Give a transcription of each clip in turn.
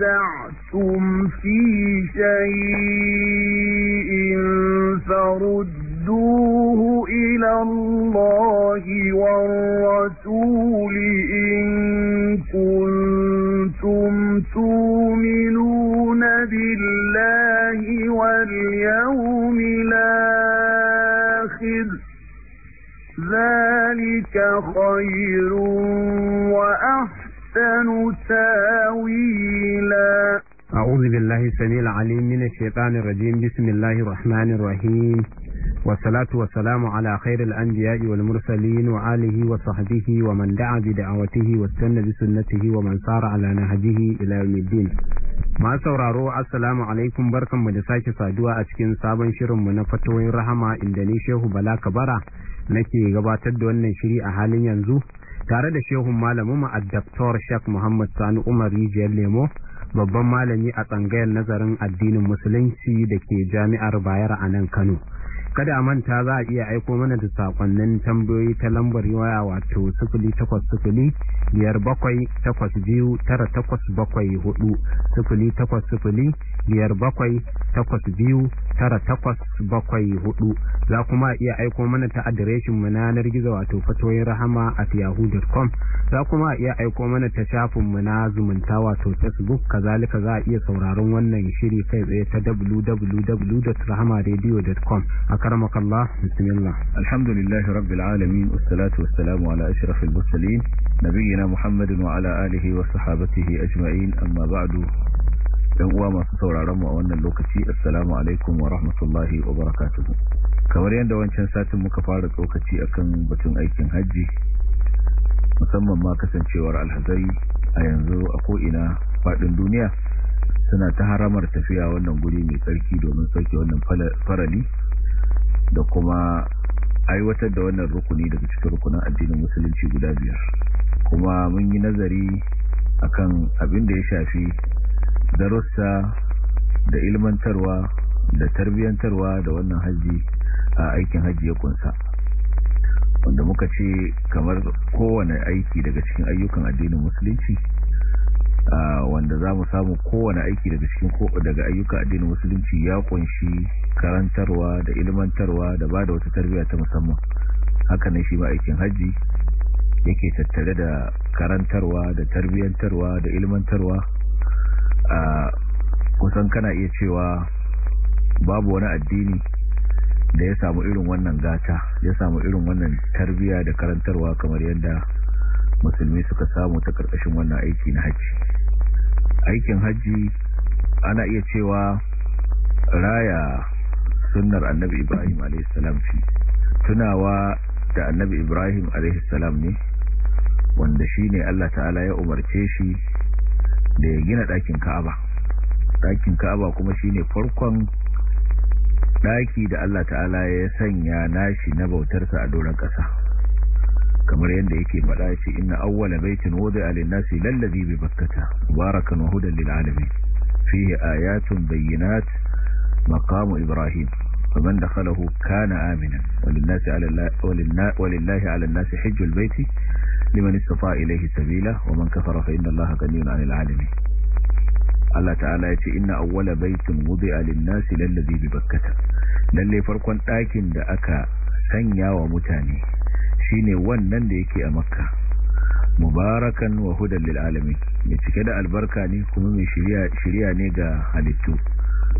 نَزَعْتُمْ فِي شَيْءٍ فَرُدُّوهُ إِلَى اللَّهِ وَالرَّسُولِ إِن كُنتُمْ تُؤْمِنُونَ بِاللَّهِ وَالْيَوْمِ الْآخِرِ ذَلِكَ خَيْرٌ وَأَحْسَنُ أحسن تاويلا أعوذ بالله السميع العليم من الشيطان الرجيم بسم الله الرحمن الرحيم والصلاة والسلام على خير الأنبياء والمرسلين وآله وصحبه ومن دعا بدعوته واستنى بسنته ومن صار على نهجه إلى يوم الدين ma sauraro assalamu alaikum barkanmu da sake saduwa a cikin sabon shirinmu na fatoyin rahama inda ni shehu bala kabara nake gabatar da wannan shiri a halin yanzu tare da shehun malamin mu addaktor shek Muhammad Sani Umar Rijiyar Lemo babban malami a tsangayar nazarin addinin musulunci da ke jami'ar Bayero a nan Kano kada manta za a iya aiko mana da sakonnin tambayoyi ta lambar waya wato biyar hudu za kuma iya aiko mana ta adireshin mu na yanar gizo wato fatoyin rahama at yahoo.com za kuma iya aiko mana ta shafin mu na zumunta wato facebook kazalika za a iya sauraron wannan shiri kai tsaye ta www.rahamaradio.com أكرمك الله بسم الله الحمد لله رب العالمين والصلاة والسلام على أشرف المرسلين نبينا محمد وعلى آله وصحابته أجمعين أما بعد dan uwa masu sauraron mu a wannan lokaci assalamu alaikum wa rahmatullahi wa barakatuh kamar yadda wancan satin muka fara tsokaci akan batun aikin hajji musamman ma kasancewar alhazai a yanzu a ko'ina ina fadin duniya suna ta haramar tafiya wannan guri mai tsarki domin sauke wannan farali da kuma aiwatar da wannan rukuni daga cikin rukunin addinin musulunci guda biyar kuma mun yi nazari akan abin da ya shafi darussa da ilmantarwa da tarbiyyantarwa da wannan hajji a aikin hajji ya kunsa wanda muka ce kamar kowane aiki daga cikin ayyukan addinin musulunci wanda za mu samu kowane aiki daga cikin daga ayyukan addinin musulunci ya kunshi karantarwa da ilmantarwa da ba da wata tarbiya ta musamman haka ne shi ma aikin hajji yake tattare da karantarwa da tarbiyyantarwa da ilmantarwa a kusan kana iya cewa babu wani addini da ya samu irin wannan gata ya samu irin wannan tarbiyya da karantarwa kamar yadda musulmi suka samu ta karkashin wannan aiki na hajji aikin hajji ana iya cewa raya sunnar annabi ibrahim a.s. fi tunawa da annabi ibrahim a.s. ne wanda shi ne allah ta'ala ya umarce shi da ya gina ɗakin ka'aba ɗakin ka'aba kuma shi ne farkon ɗaki da allah ta'ala ya sanya nashi na bautarsa a doron ƙasa kamar yadda yake faɗa shi inna awwala baitin wudi'a lin lallabi bai bi bakkata mubarakan wa hudan lil-alamin ayatun bayyinatun maqamu ibrahim faman dakhalahu kana amina walillahi ala walillahi ala an-nas hajjul baiti liman istata'a sabila wa man kafara fa inna allaha ghaniyun 'anil Allah ta'ala ya ce inna awwala baitin wudi'a lin-nasi lallazi bi lallai farkon ɗakin da aka sanya wa mutane shine wannan da yake a makka mubarakan wa hudan lil alamin mai cike da albarka ne kuma mai shirya ne ga halittu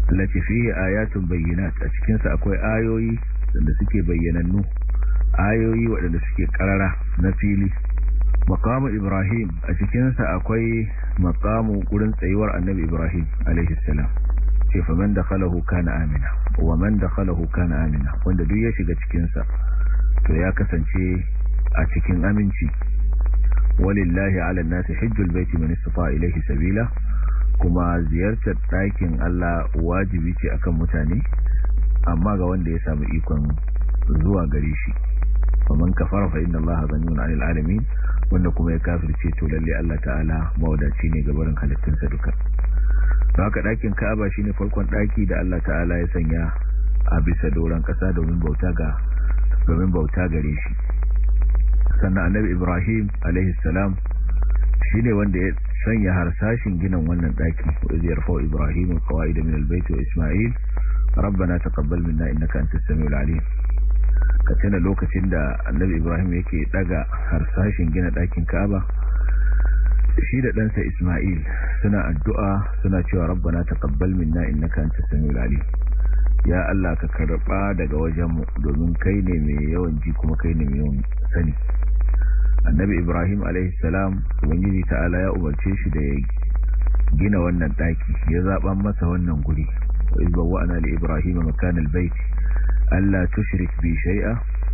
allati fihi ayatun bayyinat a cikinsa akwai ayoyi da suke bayyanannu ayoyi waɗanda suke karara na fili maqamu ibrahim a cikinsa akwai maqamu gurin tsayuwar annabi ibrahim alaihi salam ce fa man dakhalahu kana amina wa man dakhalahu kana amina wanda duk ya shiga cikinsa, to ya kasance a cikin aminci walillahi ala nasi hajjul baiti man istata ilayhi sabila kuma ziyartar ɗakin Allah wajibi ce akan mutane amma ga wanda ya samu ikon zuwa gare shi faman kafara fa inna Allah ghaniyun 'anil 'alamin wanda kuma ya kafirce to lalle Allah ta'ala mawadaci ne ga barin halittunsa duka haka ɗakin Ka'aba shine farkon ɗaki da Allah ta'ala ya sanya a bisa doron kasa domin bauta ga domin bauta gare shi sannan annabi Ibrahim alaihi salam shine wanda ya sanya harsashin ginin wannan ɗakin idh yarfa'u ibrahim alqawaida min albayt wa isma'il rabbana taqabbal minna innaka antas samiul alim ka tana lokacin da annabi ibrahim yake daga harsashin gina dakin ka'aba shi da ɗansa Ismail suna addu'a suna cewa rabbana taqabbal minna innaka antas samiul alim ya Allah ka karba daga wajenmu domin kai ne mai yawan ji kuma kai ne mai yawan sani annabi ibrahim alaihissalam ubangiji ta'ala ya umarce shi da ya gina wannan daki ya zaban masa wannan guri wa ana li ibrahim makan albayt alla tushrik bi shay'a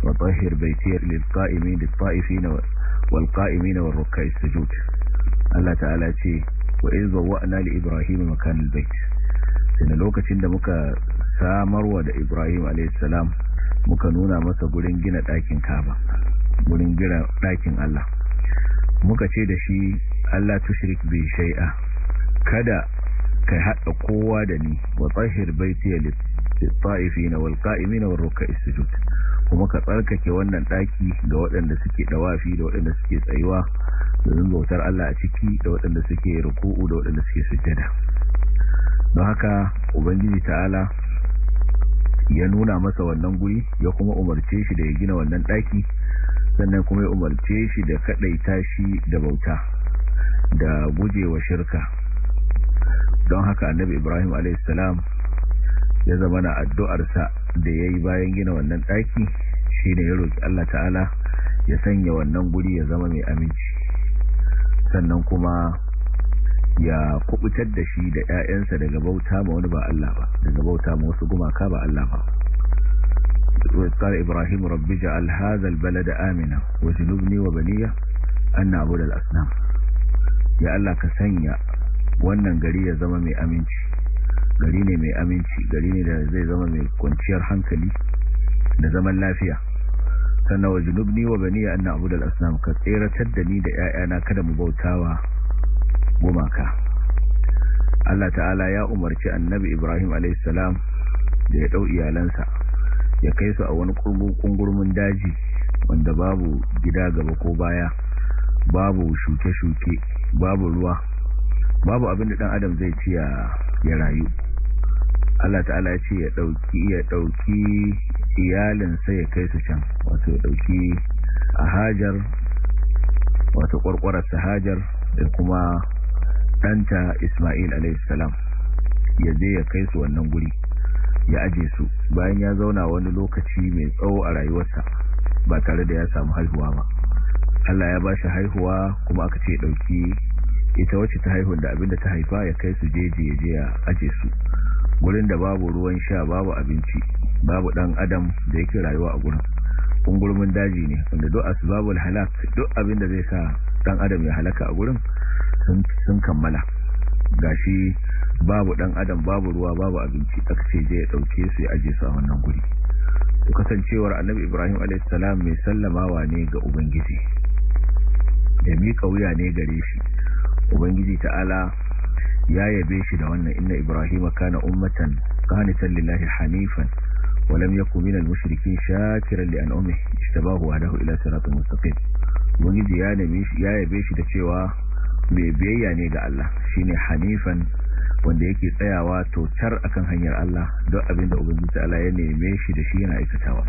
wa tahhir baytiya lil qa'imin lit ta'ifin wal qa'imin wal ruk'a'is sujud Allah ta'ala ce wa idh wa'ana li ibrahim makan albayt sai lokacin da muka samarwa da ibrahim alaihissalam muka nuna masa gurin gina dakin kaba wurin gira ɗakin Allah muka ce da shi Allah tushrik bai sha'i'a kada ka haɗa kowa da ni wa tsahir baitiya lit-ta'ifina wal-qa'imina war-ruk'a'is sujud kuma ka tsarkake wannan daki ga waɗanda suke dawafi da waɗanda suke tsayuwa domin bautar Allah a ciki da waɗanda suke ruku'u da waɗanda suke sujjada don haka ubangiji ta'ala ya nuna masa wannan guri ya kuma umarce shi da ya gina wannan daki sannan kuma ya umarce shi da kadaita shi da bauta da gujewa shirka don haka annabi ibrahim a.s. ya zama na addu'arsa da ya yi bayan gina wannan ɗaki shi ne ya roƙi allah ta'ala ya sanya wannan guri ya zama mai aminci sannan kuma ya kubutar da shi da 'ya'yansa daga bauta ma wani ba allah ba daga bauta ma wasu gumaka ba allah ba قال إبراهيم رب جعل هذا البلد آمنا وجنبني وبنية أن نعبد الأصنام يا كسنيا wannan gari ya zama mai aminci gari ne mai aminci gari ne da zai zama mai kwanciyar hankali da zaman lafiya sannan wa junubni wa baniya ka tseratar da ni da 'ya'yana kada mu bautawa gumaka Allah ta'ala ya umarci annabi Ibrahim alayhi da ya ɗau iyalansa ya kai su a wani kungurmin daji wanda babu gida gaba ko baya babu shuke-shuke babu ruwa babu abin da dan adam zai ci ya rayu Allah ta'ala ya ce ya dauki ya dauki iyalinsa ya kai su can wato ya dauki a hajar wato kwarkwarar hajar da kuma danta Isma'il a.s. ya je ya kai su wannan guri ya aje su bayan ya zauna wani lokaci mai tsawo a rayuwarsa ba tare da ya samu haihuwa ba Allah ya ba shi haihuwa kuma aka ce dauki ita wacce ta haihu da abinda ta haifa ya kai su jeje ya je ya aje su gurin da babu ruwan sha babu abinci babu dan adam da yake rayuwa a gurin ungurmin daji ne wanda duk asbabul halak duk abinda zai sa dan adam ya halaka a gurin sun kammala gashi babu dan adam babu ruwa babu abinci aka je ya dauke su ya aje su a wannan guri to kasancewar annabi ibrahim alayhis salam mai sallamawa ne ga ubangiji da miƙa wuya ne gare shi ubangiji ta'ala ya yabe shi da wannan inna ibrahim kana ummatan qanitan lillahi hanifan wa lam yakun minal mushrikeen shakiran li an'amihi ijtabahu wa ila siratin mustaqim ubangiji ya yabe shi da cewa mai biyayya ne ga Allah shine hanifan wanda yake tsayawa tocar akan hanyar Allah don abinda ubangiji Allah ya neme shi da shi yana aikatawa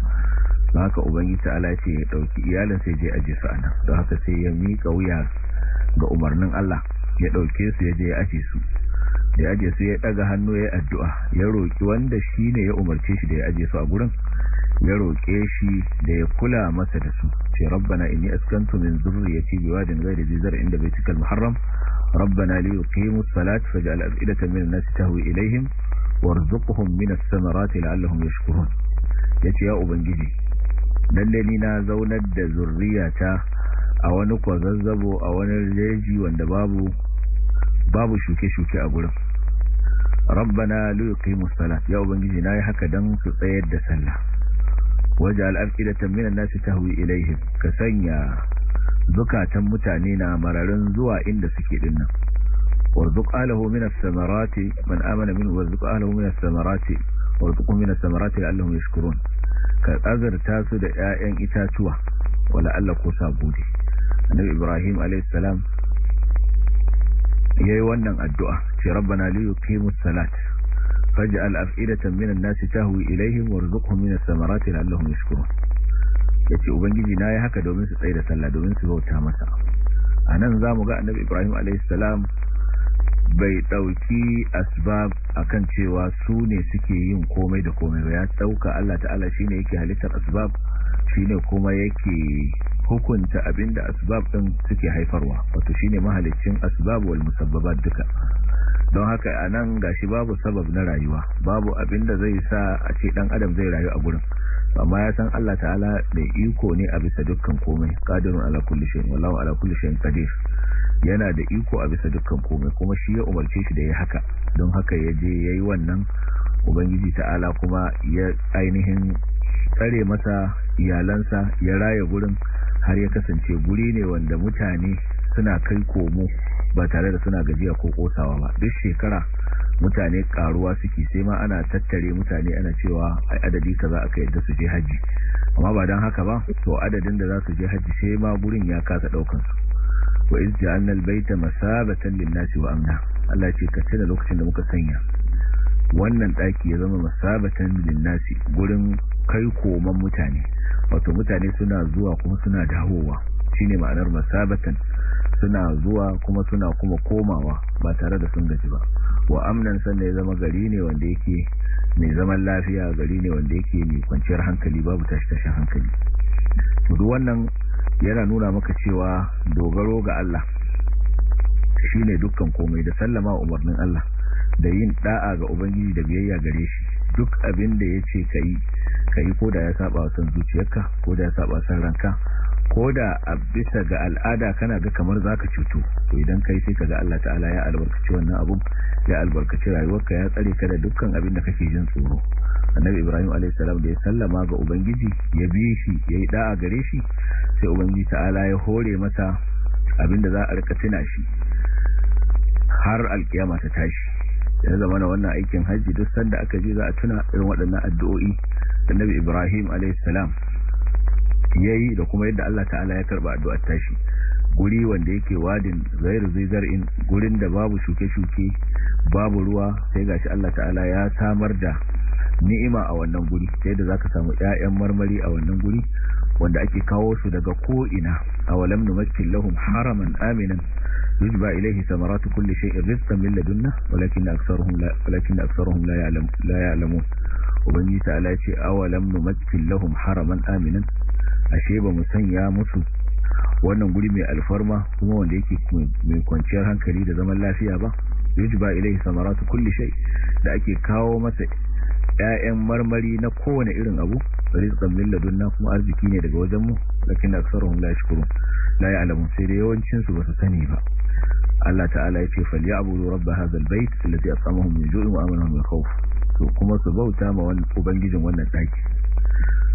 don haka ubangiji Allah ce ya dauki iyalin sai je aje su ana don haka sai ya mika wuya ga umarnin Allah ya dauke su ya je ya aje su da aje su ya daga hannu ya addu'a ya roki wanda shi ne ya umarce shi da ya aje su a gurin ya roƙe shi da ya kula masa da su ce rabbana inni askantu min zurriyati biwadin ghayri dhi zar'in inda baitikal muharram ربنا ليقيموا الصلاة فاجعل أفئدة من الناس تهوي إليهم وارزقهم من الثمرات لعلهم يشكرون يتي يا أبنجي دلنينا زوند ذرية أونك وززب أون الجيجي واندباب باب شوكي شوكي أقول ربنا ليقيموا الصلاة يا أبنجي ناي حكا دنس قيد سلا واجعل أفئدة من الناس تهوي إليهم كسنيا zukatan mutane na mararin zuwa inda suke dinnan warzuq alahu minas samarati man amana min warzuq alahu minas samarati warzuqhum minas samarati la'allahum yashkurun ka azarta su da ƴaƴan itatuwa wala Allah ko sabudi annabi ibrahim alayhi salam yayi wannan addu'a ce rabbana li yuqimus salat faj'al af'idatan minan nasi tahwi ilayhim warzuqhum minas samarati la'allahum yashkurun ya ce ubangiji na yi haka domin su tsaye da sallah domin su bauta masa a nan za mu ga annabi ibrahim alaihissalam bai ɗauki asbab kan cewa su ne suke yin komai da komai ba ya ɗauka allah ta'ala shi ne yake halittar asbab shi ne kuma yake hukunta abin da asbab ɗin suke haifarwa wato shi ne mahalicin asbab wal duka don haka a nan gashi babu sabab na rayuwa babu abin da zai sa a ce ɗan adam zai rayu a gurin amma ya san Allah ta'ala mai iko ne a bisa dukkan komai qadirun ala kulli shay'in wallahu ala kulli yana da iko a bisa dukkan komai kuma shi ya umarce shi da ya haka don haka ya je yayi wannan ubangiji ta'ala kuma ya ainihin tsare masa iyalansa ya raya gurin har ya kasance guri ne wanda mutane suna kai komo ba tare da suna gajiya ko kosawa ba duk shekara mutane karuwa suke sai ma ana tattare mutane ana cewa ai adadi ka kaza aka yadda su je haji amma ba dan haka ba to adadin da za su je haji sai ma gurin ya kasa daukan su wa iz baita masabatan lin-nasi wa amna Allah ce ka tana lokacin da muka sanya wannan daki ya zama masabatan lin-nasi gurin kai koman mutane wato mutane suna zuwa kuma suna dawowa shine ma'anar masabatan suna zuwa kuma suna kuma komawa ba tare da sun gaji ba wa amnan sannan ya zama gari ne wanda yake mai zaman lafiya gari ne wanda yake mai kwanciyar hankali babu tashi-tashin hankali duk wannan yana nuna maka cewa dogaro ga Allah shi ne dukkan komai da sallama umarnin Allah da yin da'a ga ubangiji da biyayya gare shi duk abin da ce ka yi ko da ya saba wa zuciyarka ko da ya saba san ranka ko da a bisa ga al'ada kana ga kamar zaka cuto to idan kai sai kaga Allah ta'ala ya albarkaci wannan abun ya albarkaci rayuwarka ya tsare ka da dukkan abin da kake jin tsoro annabi ibrahim alayhi salam da ya sallama ga ubangiji ya bi shi ya yi da'a gare shi sai ubangiji ta'ala ya hore masa abin da za a rika tuna shi har alkiyama ta tashi ya zama na wannan aikin hajji duk sanda aka je za a tuna irin waɗannan addu'o'i annabi ibrahim alayhi salam yayi da kuma yadda Allah ta'ala ya karba addu'ar tashi guri wanda yake wadin zairu in gurin da babu shuke-shuke babu ruwa sai gashi Allah ta'ala ya samar da ni'ima a wannan guri sai da zaka samu ƴaƴan marmari a wannan guri wanda ake kawo su daga ko'ina ina walam numakkin lahum haraman aminan yujba ilaihi samaratu kulli shay'in rizqan min ladunna walakin aktharuhum la walakin aktharuhum la ya'lamun la ya'lamun ubangi ta'ala ce awalam numakkin lahum haraman aminan ashe ba mu sanya musu wannan guri mai alfarma kuma wanda yake mai kwanciyar hankali da zaman lafiya ba ba ilai samaratu kulli shay da ake kawo masa ƴaƴan marmari na kowane irin abu rizqan min ladunna kuma arziki ne daga wajen mu lakin aksaruhum la yashkurun la ya'lamun sai da yawancin su basu sani ba Allah ta'ala ya ce falyabudu rabb hadha albayt alladhi at'amahum min ju'in wa amanahum min khawf to kuma su bauta ma wannan ubangijin wannan daki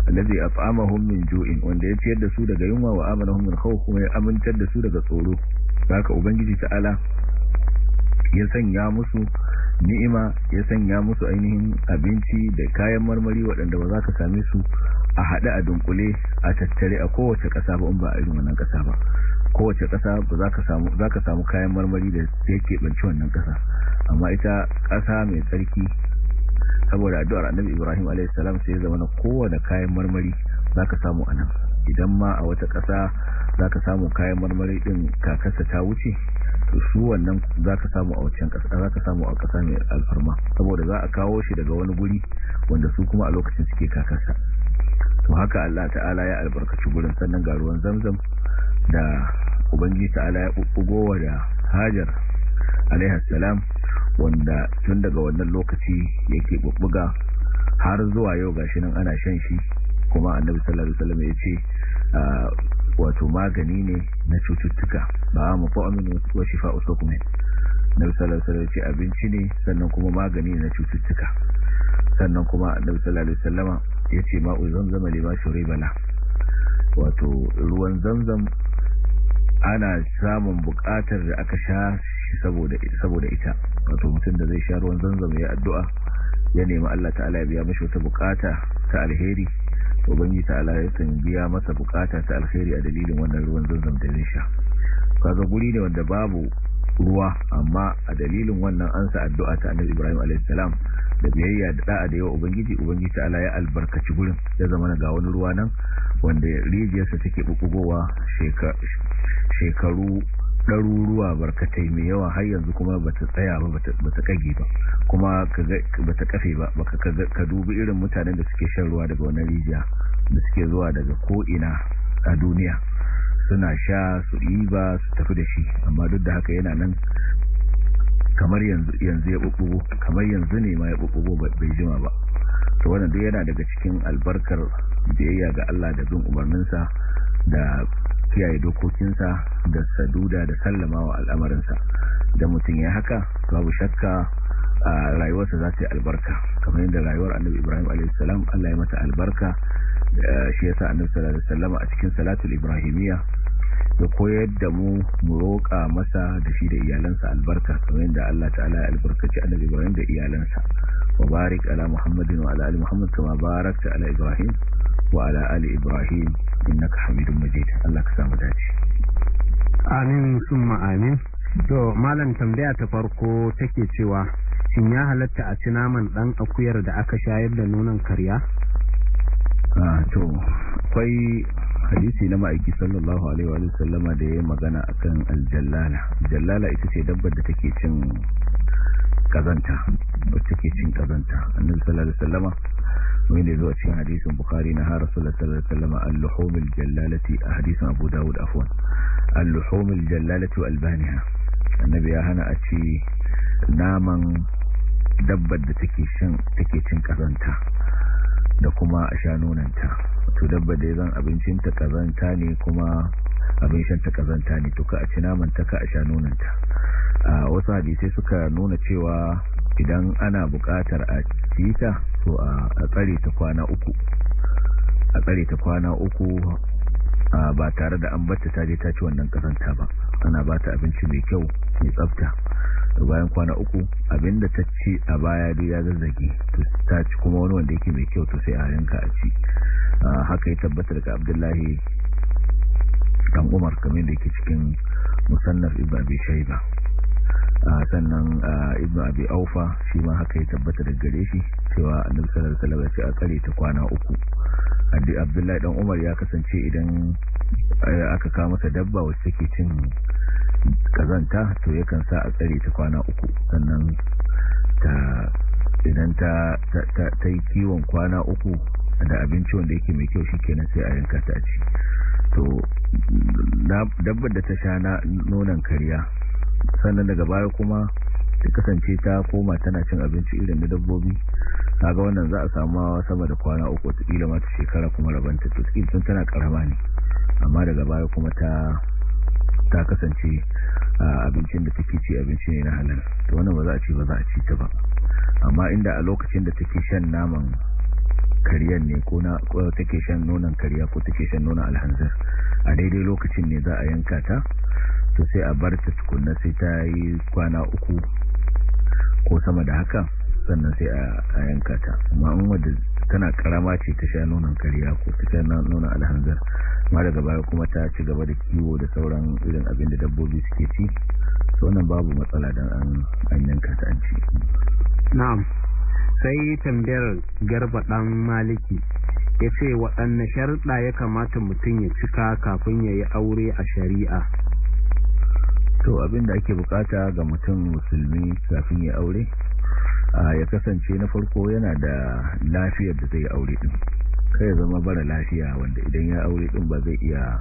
allazi at'amahum min ju'in wanda ya ciyar da su daga yunwa wa amanahum min khawf kuma ya amintar da su daga tsoro haka ubangiji ta'ala ya sanya musu ni'ima ya sanya musu ainihin abinci da kayan marmari waɗanda ba za ka same su a haɗe a dunkule a tattare a kowace ƙasa ba in ba a irin wannan ƙasa ba kowace ƙasa za ka samu kayan marmari da ya keɓanci wannan ƙasa amma ita ƙasa mai tsarki saboda addu'ar annabi ibrahim a.s. sai ya zama na kowane kayan marmari za ka samu a nan idan ma a wata ƙasa za ka samu kayan marmari ɗin kakarsa ta wuce to su wannan za ka samu a kasa ƙasa za ka samu a ƙasa mai alfarma saboda za a kawo shi daga wani guri wanda su kuma a lokacin suke kakarsa to haka allah ta'ala ya albarkaci gurin sannan ga ruwan zamzam da ubangiji ta'ala ya ɓuɓɓugowa da hajar alaihassalam wanda tun daga wannan lokaci yake bubbuga har zuwa yau gashi nan ana shan shi kuma annabi sallallahu alaihi wasallam yace ah, wato magani ne na cututtuka ba mu fa'amin wa shifa'u sukmin annabi sallallahu alaihi wasallam yace abinci ne sannan kuma magani ne na cututtuka sannan kuma annabi sallallahu alaihi wasallama yace ma'u zamzam lima shuribala wato ruwan zamzam ana samun bukatar da aka sha saboda saboda ita wato mutum da zai sha ruwan zanzam ya addu'a ya nemi Allah ta'ala ya biya mashi wata bukata ta alheri ubangi ta'ala ya kan biya masa bukata ta alheri a dalilin wannan ruwan zanzam da zai sha kaga guri ne wanda babu ruwa amma a dalilin wannan ansa addu'a ta annabi Ibrahim alayhis salam da biyayya da da'a da yawa ubangiji ubangiji ta'ala ya albarkaci gurin ya zama ga wani ruwa nan wanda rijiyarsa take bukugowa shekaru ɗaruruwa barkatai mai yawa har yanzu kuma bata tsaya ba bata kage ba kuma bata kafe ba ka dubi irin mutanen da suke shan ruwa daga wani rijiya da suke zuwa daga ko ina a duniya suna sha su ba su tafi da shi amma duk da haka yana nan kamar yanzu ya ɓuɓɓugo kamar yanzu ne ma ya ɓuɓɓugo bai jima ba to wannan duk yana daga cikin albarkar biyayya ga Allah da bin umarninsa da kiyaye dokokinsa da saduda da sallamawa al'amarinsa da mutum ya haka babu shakka a rayuwarsa za ta yi albarka kamar yadda rayuwar annabi ibrahim alaihissalam allah ya mata albarka shi yasa annabi sallallahu alaihi a cikin salatul ibrahimiyya da koyar da mu mu roƙa masa da shi da iyalansa albarka kamar yadda Allah ta'ala ya albarkaci annabi Ibrahim da iyalansa wa barik ala Muhammadin wa ala ali Muhammad kama barakta ala Ibrahim wa ala ali Ibrahim innaka hamidun majid Allah ka samu dace amin summa amin to malam tambaya ta farko take cewa shin ya halatta a ci naman dan akuyar da aka shayar da nonon karya ah to akwai hadisi na ma'aiki sallallahu alaihi wa sallama da yayin magana akan aljallala jallala ita ce dabbar da take cin kazanta wacce ke cin kazanta annabi sallallahu alaihi sallama. kamar da zuwa cikin hadisin bukhari na har rasulullah sallallahu alaihi wasallam al-luhumil jallalati a hadisin abu dawud afwan al-luhumil jallalati albaniha annabi hana a ci naman dabbar da take cin kazanta da kuma a sha nonanta to dabbar da zan abincin ta kazanta ne kuma abin shan kazanta ne to ka ci naman ta a sha nonanta a wasu hadisai suka nuna cewa idan ana bukatar a ci wato a tsare ta kwana uku a tsare ta kwana uku ba tare da an bata ta je ta ci wannan kazanta ba ana ba ta abinci mai kyau mai tsafta bayan kwana uku abinda ta ci a baya dai ya zazzage to ta ci kuma wani wanda yake mai kyau to sai a yanka a ci haka ya tabbata daga abdullahi dan umar kamar da yake cikin musannaf ibn abi shayba sannan ibn abi aufa shi ma haka ya tabbatar daga gare shi cewa annabi sallallahu alaihi wasallam ce a tsare ta kwana uku andi abdullahi dan umar ya kasance idan eh, aka kawo masa dabba wacce take cin kazanta to yakan sa a tsare ta kwana uku sannan ta idan ta ta yi kiwon kwana uku da abinci wanda yake mai kyau shikenan sai a yanka ta ci to dabbar da ta sha nonon kariya sannan daga baya kuma ta kasance ta koma tana cin abinci irin na dabbobi kaga wannan za a samu sama da kwana uku wataƙila mata shekara kuma rabanta to tun tana karama ne amma daga baya kuma ta kasance abincin da take ci abinci ne na halal to wannan ba za a ci ba za a ci ta ba amma inda a lokacin da take shan naman kariyar ne ko na take shan nonon kariya ko take shan nonon alhanzar a daidai lokacin ne za a yanka ta to sai a bar ta tukunna sai ta yi kwana uku ko sama da haka sannan sai a yanka ta amma wadda tana karama ce ta sha nonon kariya ko ta sha nuna alhanzar ma daga baya kuma ta ci gaba da kiwo da sauran irin abin da dabbobi suke ci su wannan babu matsala don an yanka ta an ci na'am sai tambayar garba dan maliki ya ce waɗanne sharuɗa ya kamata mutum ya cika kafin ya yi aure a shari'a to abin da ake bukata ga mutum musulmi kafin ya aure ya kasance na farko yana da lafiyar da zai aure din kai zama bara lafiya wanda idan ya aure din ba zai iya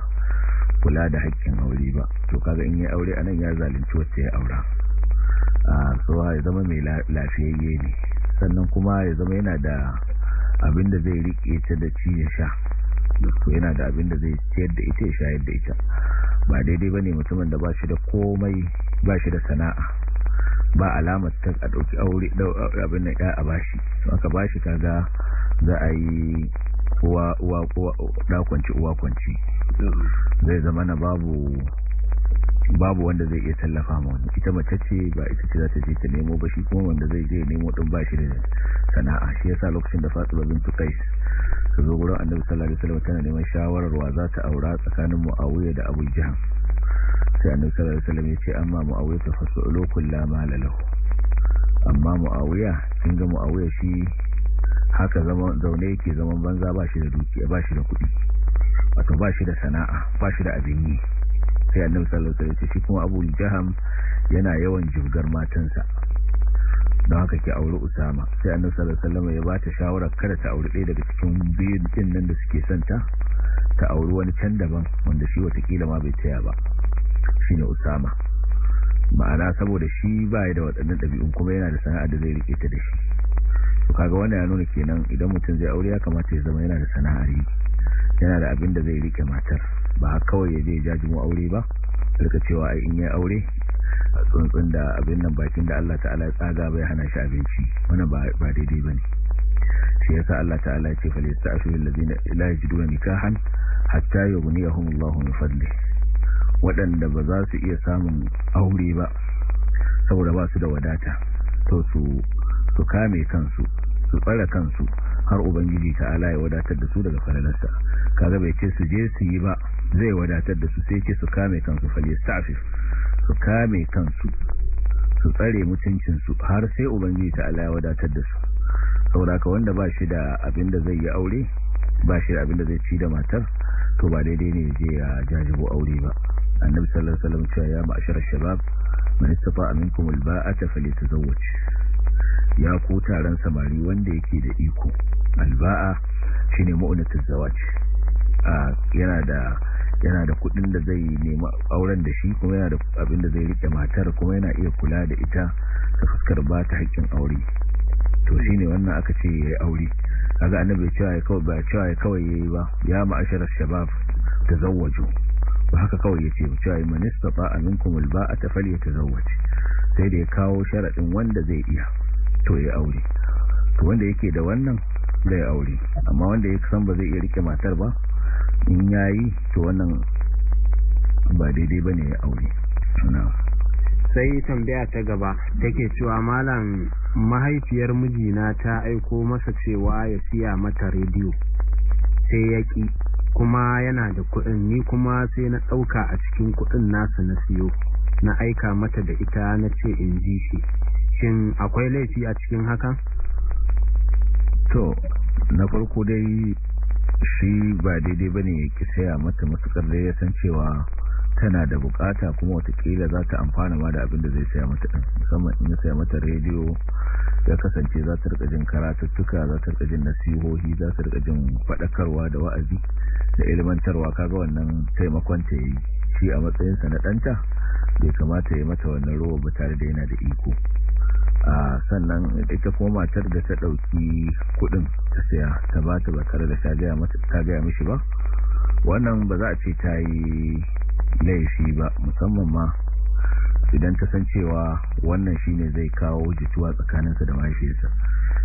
kula da hakkin aure ba to kaga in ya aure anan ya zalunci wacce ya aura so ya zama mai lafiyayye ne sannan kuma ya zama yana da abin da zai rike ta da ci ya sha to yana da abin da zai ciyar da ita ya shayar da ita ba daidai ba bane mutumin da ba shi da komai ba shi da sana'a ba alamar ta a ɗauki aure abin da ya a shi to aka bashi kaga za a yi uwa uwa uwa ɗakwanci uwa kwanci zai zama na babu babu wanda zai iya tallafa ma wani ita mace ce ba ita ce za ta je ta nemo ba shi kuma wanda zai je nemo din ba shi da sana'a shi yasa lokacin da Fatima bintu Qais ta zo gurin Annabi sallallahu alaihi wasallam tana neman shawarar wa za ta aura tsakanin Muawiya da Abu Jahm sai Annabi sallallahu alaihi wasallam ya ce amma Muawiya ta fasu'ulu la ma lahu amma Muawiya kin ga Muawiya shi haka zama zaune yake zaman banza ba shi da dukiya ba shi da kudi wato ba shi da sana'a ba shi da abin yi sai annabi sallallahu alaihi wasallam shi kuma Abu Jaham yana yawan jibgar matansa don haka ki aure Usama sai annabi sallallahu alaihi wasallam ya ta shawara kada ta aure ɗaya daga cikin biyun din nan da suke son ta ta aure wani can daban wanda shi watakila ma bai taya ba shine Usama ma'ana saboda shi ba ya da waɗannan ɗabi'un kuma yana da sana'a da zai rike ta da shi to kaga wannan ya nuna kenan idan mutum zai aure ya kamata ya zama yana da sana'ar yi yana da abin da zai rike matar ba kawai ya je jajimo aure ba daga cewa ai in yi aure a tsuntsun da abin nan bakin da Allah ta'ala ya tsaga bai hana shi abinci wani ba daidai bane shi yasa Allah ta'ala ya ce fa lista'shu allazina la wa nikahan hatta yughniyahum Allahu min fadli waɗanda ba za su iya samun aure ba saboda ba su da wadata to su su kame kansu su tsara kansu har ubangiji ta'ala ya wadatar da su daga falalarsa kaga bai ce su je su yi ba zai wadatar da su sai ce su kame kansu falistafif su kame kansu su tsare mutuncinsu har sai ubangiji ta ala ya wadatar da su sauraka wanda ba shi da abin da zai yi aure ba shi da abin da zai ci da matar to ba daidai ne je ya jajibo aure ba annabi sallallahu alaihi wasallam cewa ya ashara shabab man istafa minkum alba'ata falyatazawwaj ya ko taron samari wanda yake da iko alba'a shine mu'unatu zawaj ah, yana da yana da kudin da zai nemi auren da shi kuma yana da abin da zai rike matar kuma yana iya kula da ita ta fuskar ba ta haƙƙin aure to shine wannan aka ce ya yi aure kaga annabi ya cewa kawai ba cewa kawai yi ba ya ma'asharar shabab ta zawajo ba haka kawai ya ce cewa ya ba a ta aminkum ta falyatazawwaj sai da ya kawo sharaɗin wanda zai iya to ya aure to wanda yake da wannan zai aure amma wanda ya san ba zai iya rike matar ba in yayi to wannan ba daidai bane ya aure sai tambaya ta gaba take cewa malam mahaifiyar mijina ta aiko masa cewa ya siya mata rediyo sai ya ki kuma yana da kuɗin ni kuma sai na ɗauka a cikin kuɗin nasa na siyo na aika mata da ita na ce in ji shi shin akwai laifi a cikin hakan to na farko dai shi ba daidai ba ne ya ki saya mata matukar da ya san cewa tana da buƙata kuma watakila za ta amfana ma da abin zai saya mata ɗin musamman in ya saya mata rediyo ya kasance za ta rikajin karatattuka za ta rikajin nasihohi za ta rikajin faɗakarwa da wa'azi da ilimantarwa kaga wannan taimakon ta yi shi a matsayinsa na ɗanta bai kamata ya yi mata wannan roba ba tare da yana da iko sannan ita kuma matar da ta ɗauki kuɗin ta saya ta ba ta ba tare da ta gaya mishi ba wannan ba za a ce ta yi laifi ba musamman ma idan ta san cewa wannan shine zai kawo jituwa tsakaninsa da mahaifiyarsa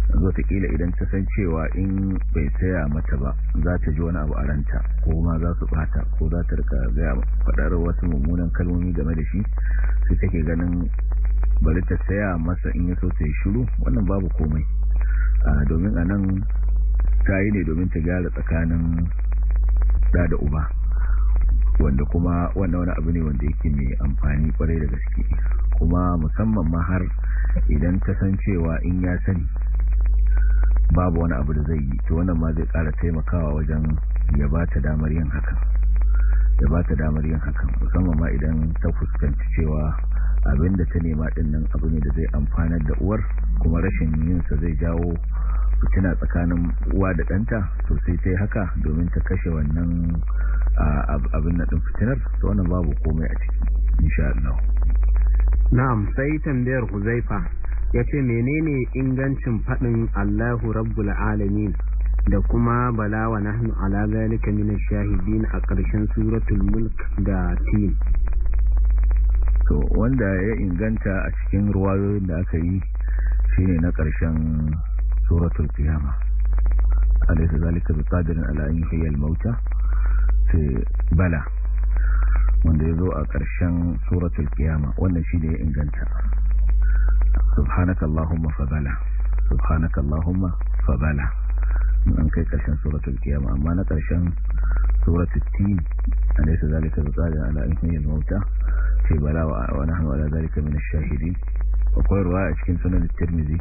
yanzu wataƙila idan ta san cewa in bai saya mata ba za ta ji wani abu a ranta ko ma za su bata ko za ta rika gaya faɗar wasu mummunan kalmomi game da shi sai take ganin bari ta saya masa in ya so ta yi shiru wannan babu komai domin a nan ta yi ne domin ta gyara tsakanin da da uba wanda kuma wannan wani abu ne wanda yake mai amfani kwarai da gaske kuma musamman ma har idan ta san cewa in ya sani babu wani abu da zai yi to wannan ma zai kara taimakawa wajen ya ba ta damar yin hakan ya ba ta damar yin hakan musamman ma idan ta fuskanci cewa abinda ta nema din nan abu ne da zai amfanar da uwar kuma rashin yin sa zai jawo fitina tsakanin uwa da ɗanta to sai ta haka domin ta kashe wannan abin na ɗin fitinar to wannan babu komai a ciki insha Allah na'am sai tambayar huzaifa yace menene ingancin faɗin Allahu rabbul alamin da kuma bala wa nahnu ala zalika min shahidin a ƙarshen suratul mulk da tin to wanda ya inganta a cikin ruwayoyin da aka yi shine na ƙarshen suratul qiyama alaysa zalika biqadirin ala an yuhyiya al-mauta sai bala wanda ya zo a ƙarshen suratul qiyama wannan shine ya inganta subhanaka allahumma bala subhanaka allahumma bala an kai ƙarshen suratul qiyama amma na ƙarshen suratu tin alaysa zalika bizalika ala ayyil mauta ce Balawa wa nahnu ala zalika min ash-shahidin akwai ruwaya a cikin sunan tirmidhi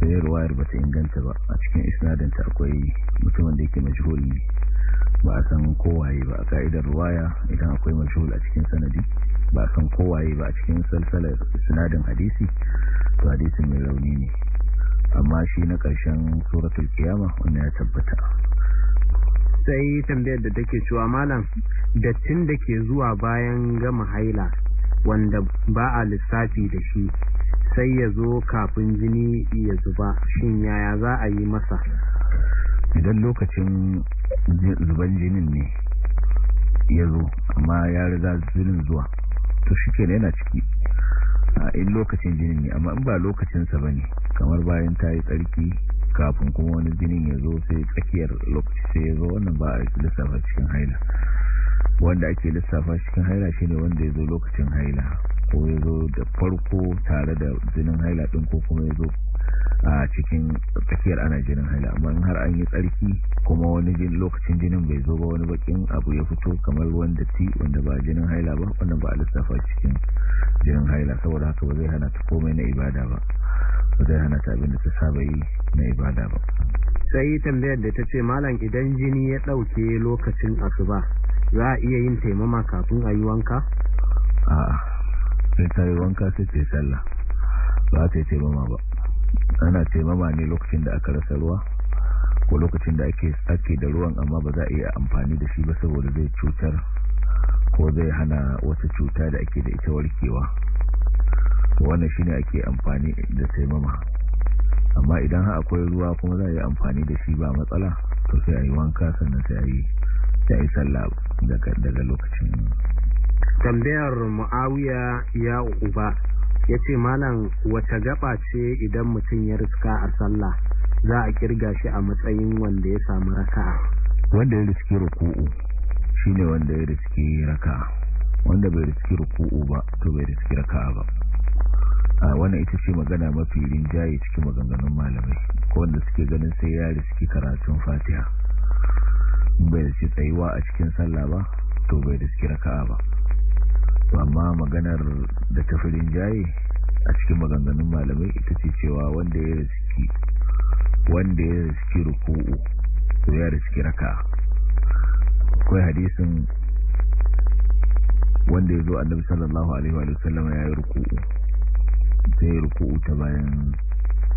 sai ruwayar bata inganta ba a cikin isnadinta akwai mutumin da yake majhul ne ba a san kowaye ba a ka'idar ruwaya idan akwai majhul a cikin sanadi ba a san kowaye ba a cikin salsalar isnadin hadisi to hadisin mai rauni ne amma shi na ƙarshen suratul kiyama wanda ya tabbata sai tambayar da take cewa malam dattin da ke zuwa bayan gama haila wanda ba a lissafi da shi sai ya zo kafin jini ya zuba shin yaya za a yi masa idan lokacin zuban jinin ne ya zo amma ya riga jinin zuwa to shi ke yana ciki a in lokacin jinin ne amma in ba lokacinsa ba ne kamar bayan ta yi tsarki kafin kuma wani jinin ya zo sai tsakiyar lokaci sai ya zo wannan ba a lissafa cikin haila wanda ake lissafa cikin haila shine wanda ya zo lokacin haila ko ya zo da farko tare da jinin haila din ko kuma ya zo a cikin tsakiyar ana jinin haila amma in har an yi tsarki kuma wani jin lokacin jinin bai zo ba wani bakin abu ya fito kamar ruwan datti wanda ba jinin haila ba wannan ba a lissafa cikin jinin haila saboda haka ba zai hana ta komai na ibada ba ba zai hana ta abin da ta saba yi na ibada ba sai tambayar da ta ce malam idan jini ya ɗauke lokacin asuba za a iya yin taimama kafin a yi wanka? a sai ta yi wanka sai ce sallah ba ta yi taimama ba ana taimama ne lokacin da aka rasa ruwa ko lokacin da ake da ruwan amma ba za a iya amfani da shi ba saboda zai cutar ko zai hana wata cuta da ake da ita warkewa wannan shine ake amfani da taimama amma idan har akwai ruwa kuma za a yi amfani da shi ba matsala to sai a yi wanka sannan sai a yi ta yi sallah daga lokacin tambayar mu'awiya ya uba ya ce malam wata gaba ce idan mutum ya riska a sallah za a kirga shi a matsayin wanda ya samu raka'a wanda ya riski ruku'u shine wanda ya riski raka'a wanda bai riski ruku'u ba to bai riski raka'a ba a wani ita ce magana mafi rinjaye cikin maganganun malamai ko wanda suke ganin sai yari suke karatun fatiha bai da ce tsayuwa a cikin sallah ba to bai da suke raka'a ba amma maganar da ta fi rinjaye a cikin maganganun malamai ita ce cewa wanda ya riski wanda ya riski ruku'u to ya riski raka'a akwai hadisin wanda ya zo annabi sallallahu alaihi wa sallam ya yi ruku'u ta yi ruku'u ta bayan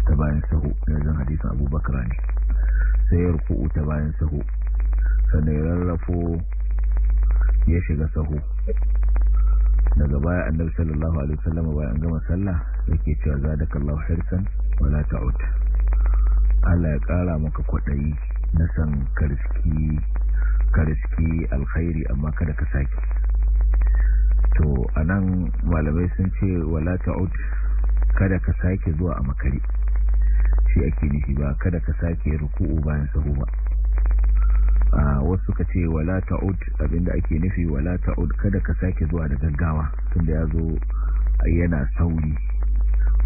ta bayan sahu yanzu abubakar ne sai ya ruku'u ta bayan sahu sannan ya rarrafo ya shiga sahu daga baya annabi sallallahu alaihi wasallam bayan gama sallah yake cewa zadaka Allah hirsan wala ta'ud Allah ya kara maka kwadayi na san karski karski alkhairi amma kada ka saki to anan malamai sun ce wala ta'ud kada ka sake zuwa a makare shi ake nufi ba kada ka sake ruku'u bayan sahu ba a wasu ka ce wala ta'ud abinda ake nufi wala ta'ud kada ka sake zuwa da gaggawa tunda ya zo yana sauri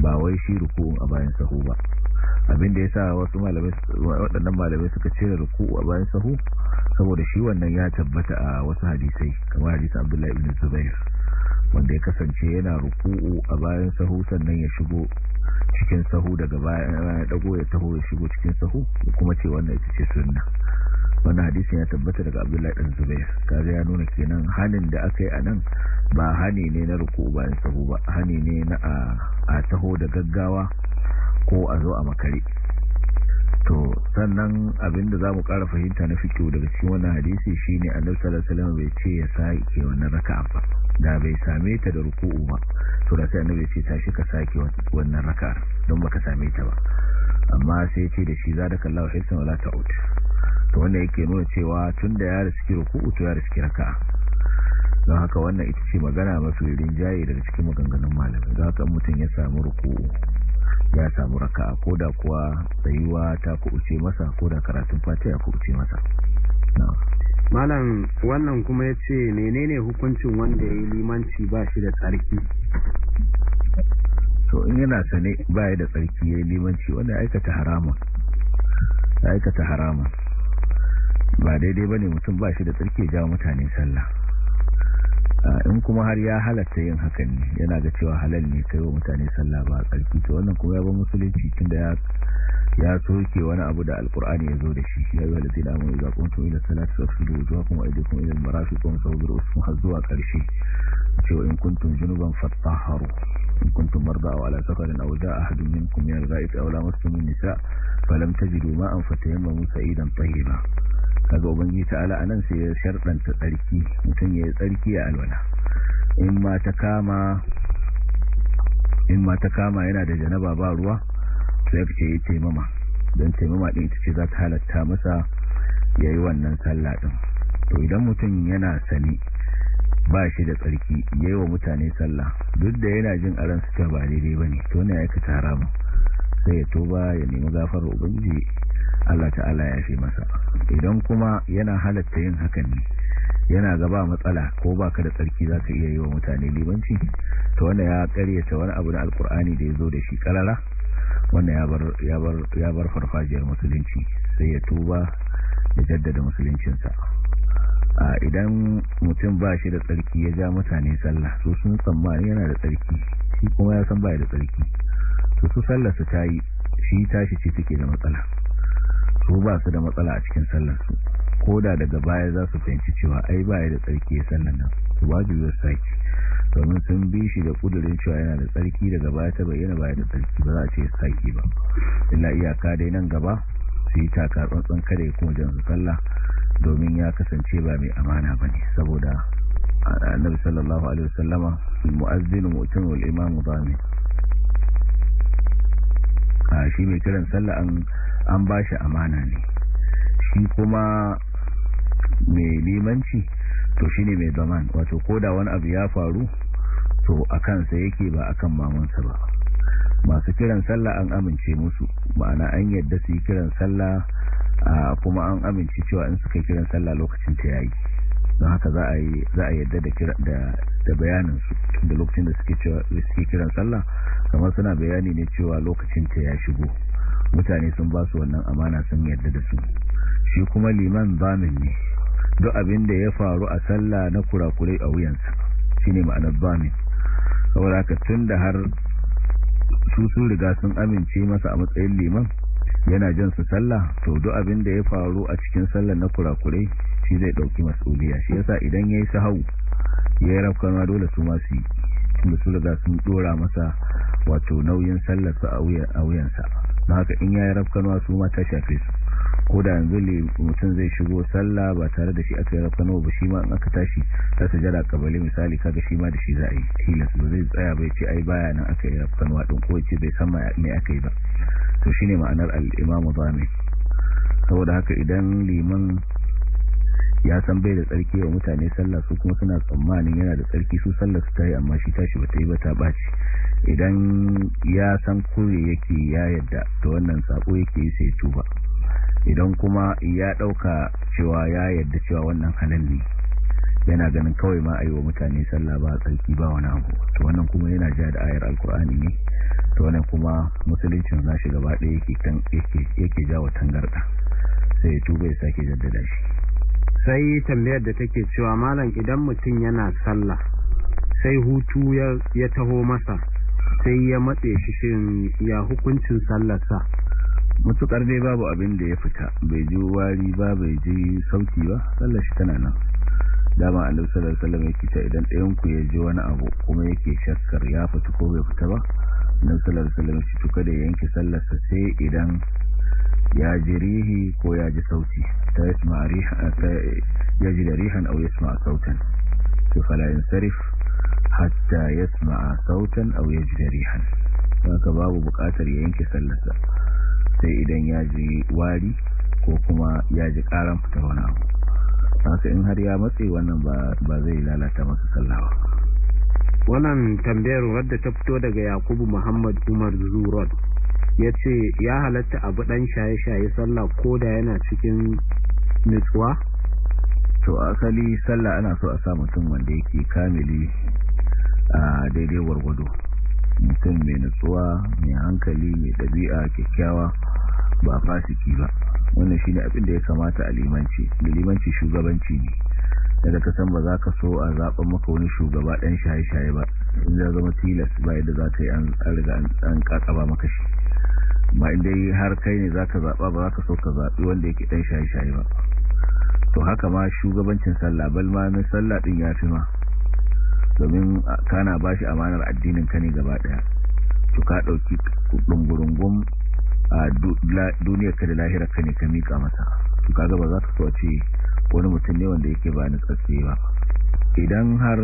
ba wai shi ruku'un a bayan sahu ba abinda ya sa wasu waɗannan malamai suka ce da ruku'u a bayan sahu saboda shi wannan ya tabbata a wasu hadisai kamar hadisa abdullahi ibn zubair wanda ya kasance yana ruku'u a bayan sahu sannan ya shigo cikin sahu daga bayan ya dago ya taho ya shigo cikin sahu kuma ce wannan ita ce sunna wani hadisi ya tabbata daga abdullahi dan zubair kaza ya nuna kenan hanin da aka yi a nan ba hani ne na ruku'u bayan sahu ba hani ne na a taho da gaggawa ko a zo a makare to sannan abinda za mu kara fahimta na fikiyo daga cikin wannan hadisi shine annabi sallallahu alaihi wasallam bai ce ya sa ke wannan raka'a ba da bai same ta da ruku'u ba to da sai annabi ce tashi ka sake wannan raka'ar don baka same ta ba amma sai ce da shi za zadaka Allahu hisan wala ta'ud to wannan yake nuna cewa tun da ya riski ruku'u to ya riski raka'a don haka wannan ita ce magana mafi jaye daga cikin maganganun malamai za ka mutum ya samu ruku'u ya samu raka'a ko da kuwa tsayuwa ta kuɓuce masa ko da karatun fatiya ya kuɓuce masa na'am malam wannan kuma ya ce menene hukuncin wanda ya yi limanci ba shi da tsarki to in yana sane ba ya da tsarki ya yi limanci wanda aikata harama aikata harama ba daidai ba ne mutum ba shi da tsarki ya jawo mutane sallah in kuma har ya halatta yin hakan ne yana da cewa halal ne kai wa mutane sallah ba tsarki to wannan kuma ya ba musulunci tunda ya ya soke wani abu da alkur'ani ya zo da shi ya yi walazi da amuru za kuntu ila salatu wa fudu zuwa kuma aidi kuma ila marafi kuma sauzir usman har zuwa karshe cewa in kuntum junuban fattaharu in kuntum marda aw ala safarin aw jaa ahadun minkum min al-ghaib aw lamastum nisa falam tajidu ma'an fatayammamu sa'idan tayyiba kaga ubangiji ta'ala anan sai ya sharɗanta tsarki mutum ya yi tsarki a alwala in ma ta kama yana da janaba ba ruwa sai ya fice ya taimama don taimama ɗin ita ce za ta halatta masa ya yi wannan sallah ɗin to idan mutum yana sani ba shi da tsarki ya yi wa mutane sallah duk da yana jin aran su ba daidai ba ne to ne ya tara mu sai ya toba ya nemi gafarar ubangi Allah ta'ala ya fi masa idan kuma yana halatta yin hakan ne yana gaba matsala ko baka da tsarki za ka iya yi wa mutane libanci ta wanda ya karyata wani abu da alkur'ani da ya zo da shi karara wanda ya bar farfajiyar musulunci sai ya tuba ya jaddada musuluncinsa idan mutum ba shi da tsarki ya ja mutane sallah su sun tsammani yana da tsarki shi kuma ya san baya da tsarki su su su ta yi shi tashi ce take da matsala su ba su da matsala a cikin su? ko da daga baya za su fahimci cewa ai baya da tsarki sannan nan su ba ya saki domin sun bi shi da kudurin cewa yana da tsarki daga baya ta bayyana baya da tsarki ba za a ce saki ba illa iyaka dai nan gaba su yi taka tsantsan kare kuma jan su sallah domin ya kasance ba mai amana ba ne saboda annabi sallallahu alaihi wasallama mu'azzinu mu'tinu wal imam zamin a shi mai kiran sallah an an ba shi amana ne shi kuma mai limanci to shi ne mai zaman wato ko da wani abu ya faru to a kansa yake ba a kan mamansa ba masu kiran sallah an amince musu ma'ana an yadda su yi kiran sallah kuma an amince cewa in suka kiran sallah lokacin ta yayi don haka za a yi yadda da bayaninsu da lokacin da suke kiran sallah kamar suna bayani ne cewa lokacin ta ya shigo mutane sun ba su wannan amana sun yadda da su shi kuma liman zamin ne duk abin da ya faru a sallah na kurakurai a wuyansa shine ma'anar zamin saboda ka tun da har su sun riga sun amince masa a matsayin liman yana jan su sallah to duk abin da ya faru a cikin sallah na kurakurai shi zai dauki mas'uliya shi yasa idan yayi sahau yayi rafkanwa dole su masu yi da su riga sun dora masa wato nauyin sallarsa a wuyansa don haka in yayi rafkanuwa su ma ta shafe su ko da yanzu mutum zai shigo sallah ba tare da shi aka yi rafkanuwa ba shi ma in aka tashi ta jara kabali misali kaga shi ma da shi za a yi tilas ba zai tsaya bai ce ai baya nan aka yi rafkanuwa din ko ce bai san mai aka yi ba to shine ma'anar al'imamu ba zami saboda haka idan liman ya san bai da tsarki wa mutane sallah su kuma suna tsammanin yana da tsarki su sallah su tayi amma shi tashi bata yi ba ta baci idan ya san kure yake ya yadda da wannan sako yake yi sai tuba idan kuma ya dauka cewa ya yadda cewa wannan halin ne yana ganin kawai ma ayi wa mutane sallah ba tsarki ba wani abu to wannan kuma yana ja da ayar alkur'ani ne to wannan kuma musuluncin shi gaba ɗaya yake yake jawo tangarda sai ya tuba ya sake jaddada shi sai tambayar da take cewa malam idan mutum yana sallah sai hutu ya taho masa sai ya matse shi shin ya hukuncin sallarsa mutukar dai babu abin da ya fita bai ji wari ba bai ji sauki ba sallar shi tana nan dama a sallallahu alaihi wasallam yake idan ɗayan ku ya ji wani abu kuma yake shakkar ya fita ko bai fita ba annabi da alaihi shi tuka da yanke sallarsa sai idan ya ji rihi ko ya ji sauti ta ya ji da rihan au ya sma sautan to falayin sarif hatta ya sma sautan au ya ji da rihan haka babu bukatar ya yanke sallarsa sai idan ya ji wari ko kuma ya ji karan fita wani abu haka in har ya matse wannan ba zai lalata masa sallawa wannan tambayar wadda ta fito daga yakubu muhammad umar zurod ya ce ya halatta abu ɗan shaye-shaye sallah ko da yana cikin nutsuwa? to asali sallah ana so a sa mutum wanda yake kamili a daidai wargwado mutum mai nutsuwa mai hankali mai ɗabi'a kyakkyawa ba fasiki ba wannan shine abin da ya kamata a limanci da limanci shugabanci ne daga ka san ba za ka so a zaɓen maka wani shugaba ɗan shaye-shaye ba inda za zama tilas ba yadda za ka yi an ƙaƙaba maka shi ba inda yi har kai ne za ka zaɓa ba za ka so ka zaɓi wanda yake ɗan shaye-shaye ba to haka ma shugabancin sallah bal ma sallah ɗin ya fi ma domin kana ba shi amanar addinin ka ne gaba ɗaya to ka ɗauki ɗungurungun a duniyar ka da lahirar ka ne ka miƙa mata. to kaga ba za ka so ce wani mutum ne wanda yake ba ni tsatsi ba idan har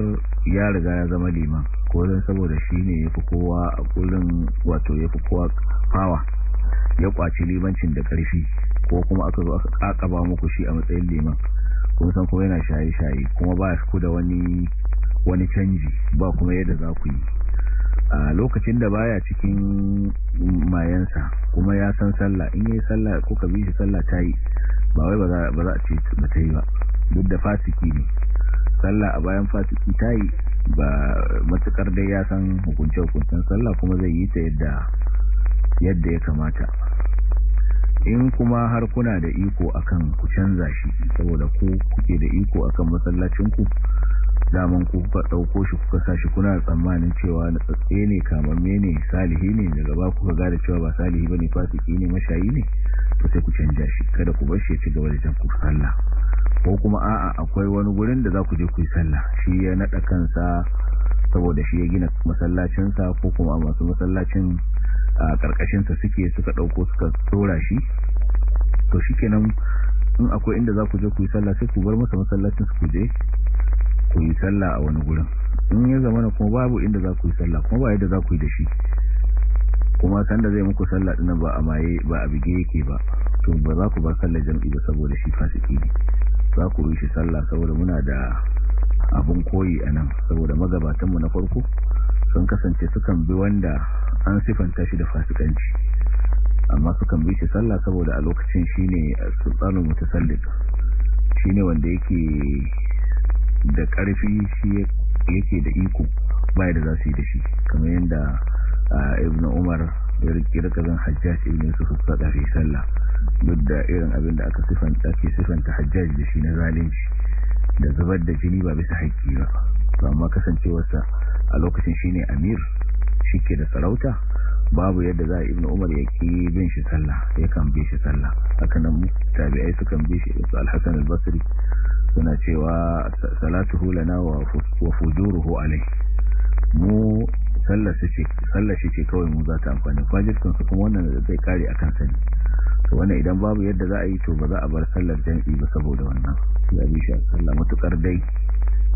ya riga ya zama liman koren saboda shi ne ya fi kowa a kullum wato ya fi kowa fawa ya kwaci limancin da karfi ko kuma aka zo aka kakaba muku shi a matsayin liman kuma san kuma yana shaye-shaye kuma ba ku da wani canji ba kuma yadda za ku yi a lokacin da baya cikin mayansa kuma ya san sallah in yi sallah ko ka bi shi sallah ta yi ba wai ba za a ce ba ta yi ba duk da fasiki ne sallah a bayan fasiki ta yi ba matukar dai ya san hukunce hukuncen sallah kuma zai yi ta yadda yadda ya kamata in kuma har kuna da iko akan ku canza shi saboda ku kuke da iko akan masallacinku daman ku kuka ɗauko shi kuka sa shi kuna tsammanin cewa na tsatse ne kamamme ne salihi ne daga ba kuka gada cewa ba salihi ba ne fasiki ne mashayi ne to sai ku canja shi kada ku bar shi ya ci gaba da jan ku sallah ko kuma a'a akwai wani gurin da za ku je ku yi sallah shi ya naɗa kansa saboda shi ya gina masallacinsa ko kuma masu masallacin a ƙarƙashinsa suke suka ɗauko suka tsora shi to shi kenan in akwai inda za ku je ku yi sallah sai ku bar masa masallacin su ku je ku yi sallah a wani gurin in ya zama kuma babu inda za ku yi sallah kuma ba yadda za ku yi da shi kuma sanda zai muku sallah ɗin ba a maye ba a bige yake ba to ba za ku bar sallar jam'i ba saboda shi fasiki ne za ku rushe sallah saboda muna da abin koyi a nan saboda magabatanmu na farko sun kasance sukan bi wanda an sifanta shi da fasikanci amma sukan bi shi sallah saboda a lokacin shi ne tsarin mutasallin shi ne wanda yake da ƙarfi shi yake da iko ba da za su yi da shi kamar yadda ah, ibn umar ya rikirka zan hajjaci ne su tsada fi sallah duk da irin abin da aka sifanta ake sifanta hajjaji da shi na zalunci da zubar da jini ba bisa haƙƙi ba to amma kasancewarsa a lokacin shine amir shi ke da sarauta babu yadda za a ibn umar ya ƙi bin shi sallah ya kan bi shi sallah haka nan tabi'ai su kan bi shi su al-hasan suna cewa Salatu na wa fujuruhu alai mu sallar shi ce kawai mu za ta amfani fajirkan su kuma wannan zai kare akan sani to wannan idan babu yadda za a yi to ba za a bar sallar jam'i ba saboda wannan ya bi shi sallah matukar dai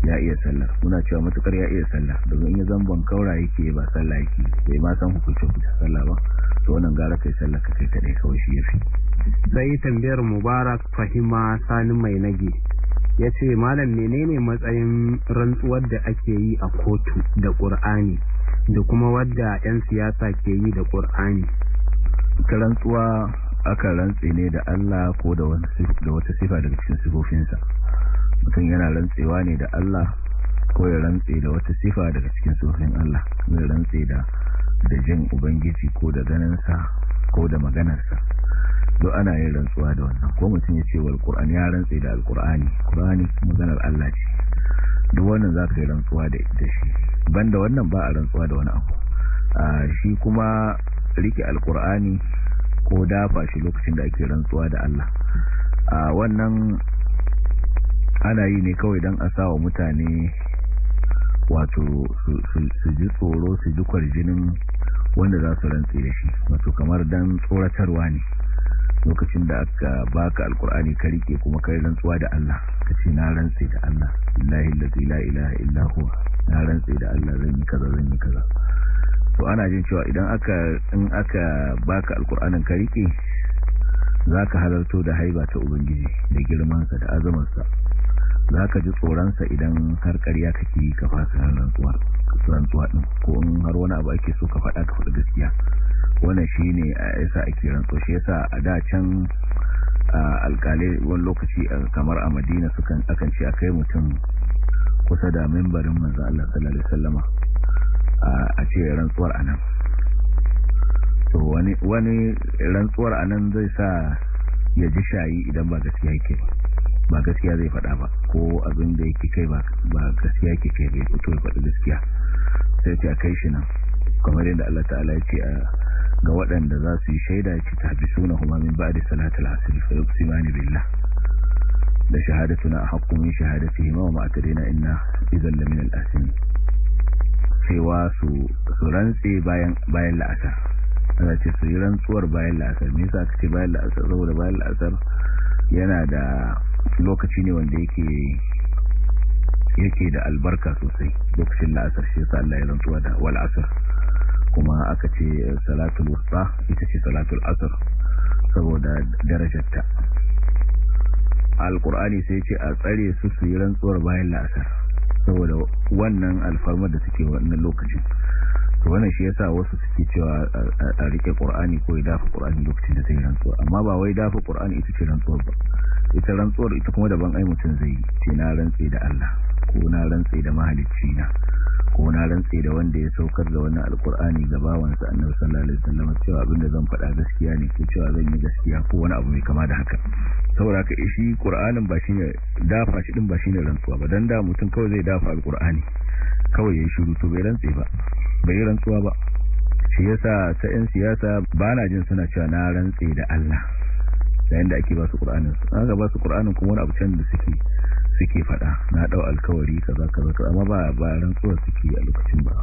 ya iya sallar muna cewa matukar ya iya sallar domin ya zamban kaura yake ba sallah yake bai ma san hukuncin hukuncin sallah ba to wannan gara kai sallar ka kai dai kawai shi yafi sai tambayar mubarak fahima sani mai nage ya ce malam menene matsayin rantsuwar da ake yi a kotu da ƙur'ani da kuma wadda 'yan siyasa ke yi da ƙur'ani ta rantsuwa aka rantse ne da Allah ko da wata sifa daga cikin sifofinsa mutum yana rantsewa ne da Allah ko ya rantse da wata sifa daga cikin sifofin Allah ya rantse da da jin ubangiji ko da ganinsa ko da maganarsa duk ana yin rantsuwa da wannan ko mutum ya ce wal qur'ani ya rantse da alqur'ani qur'ani maganar Allah ce duk wannan za ka yi rantsuwa da ita shi banda wannan ba a rantsuwa da wani abu ah, shi kuma rike alqur'ani ko dafa shi lokacin da ake rantsuwa da Allah a wannan ana yi ne kawai don a sawa mutane wato su ji tsoro su ji kwarjinin wanda za su rantse da shi wato kamar don tsoratarwa ne lokacin da aka baka alkur'ani ka rike kuma kai rantsuwa da Allah ka ce na rantse da Allah billahi allazi la ilaha illa na rantse da Allah zan yi kaza zan yi kaza to ana jin cewa idan aka in aka baka alkur'anin ka rike zaka halarto da haiba ta ubangiji da girman sa da azaman sa zaka ji tsoron sa idan har ƙarya kake ka fasa tsuran tsuwa din ko in har wani abu ake so ka faɗa ka faɗa gaskiya wannan shine yasa ake rantsuwa shi yasa a da can alƙalai wani lokaci kamar a Madina sukan akan ce akai mutum kusa da membarin manzo Allah sallallahu alaihi wasallama a ce rantsuwar anan to wani rantsuwar anan zai sa ya ji shayi idan ba gaskiya yake ba gaskiya zai faɗa ba ko abin da yake kai ba gaskiya yake kai bai fito ya faɗi gaskiya sai ce a kai shi nan kamar yadda Allah ta'ala ya ce ga waɗanda za su yi shaida ya ce ta bi suna kuma min da salatul hasiri fa yuqsi mani billah da shahadatuna a haƙƙun min shahadatihima wa ma'atadina inna idan lamin al'asimi cewa su su rantse bayan bayan la'asar ana ce su yi rantsuwar bayan la'asar me yasa aka ce bayan la'asar saboda bayan la'asar yana da lokaci ne wanda yake yake da albarka sosai lokacin la'asar shi yasa Allah ya rantsuwa da wal kuma aka ce salatul wusta ita ce salatul asar saboda darajarta alkur'ani sai ce a tsare su su yi rantsuwar bayan la'asar saboda wannan alfarmar da suke wannan lokacin to wannan shi yasa wasu suke cewa a rike qur'ani ko ya dafa qur'ani lokacin da zai rantsuwa amma ba wai dafa qur'ani ita ce rantsuwar ba ita rantsuwar ita kuma daban ai mutum zai yi ce na rantse da Allah ko na rantsi da mahalicci na ko na rantse da wanda ya saukar da wannan alqur'ani ga bawansa annabi sallallahu alaihi wasallam cewa abinda zan faɗa gaskiya ne ko cewa zan yi gaskiya ko wani abu mai kama da haka saboda ka ishi ƙura'anin ba ne dafa shi ɗin ba ne rantsuwa ba don da mutum kawai zai dafa alqur'ani kawai ya yi shiru to bai rantsi ba bai rantsuwa ba shi yasa ta yan siyasa ba na jin suna cewa na rantsi da Allah yayin da ake ba su ƙura'anin su ba kuma wani abu can da suke suke fada na dau alkawari kaza kaza amma ba ba rantsuwa suke a lokacin ba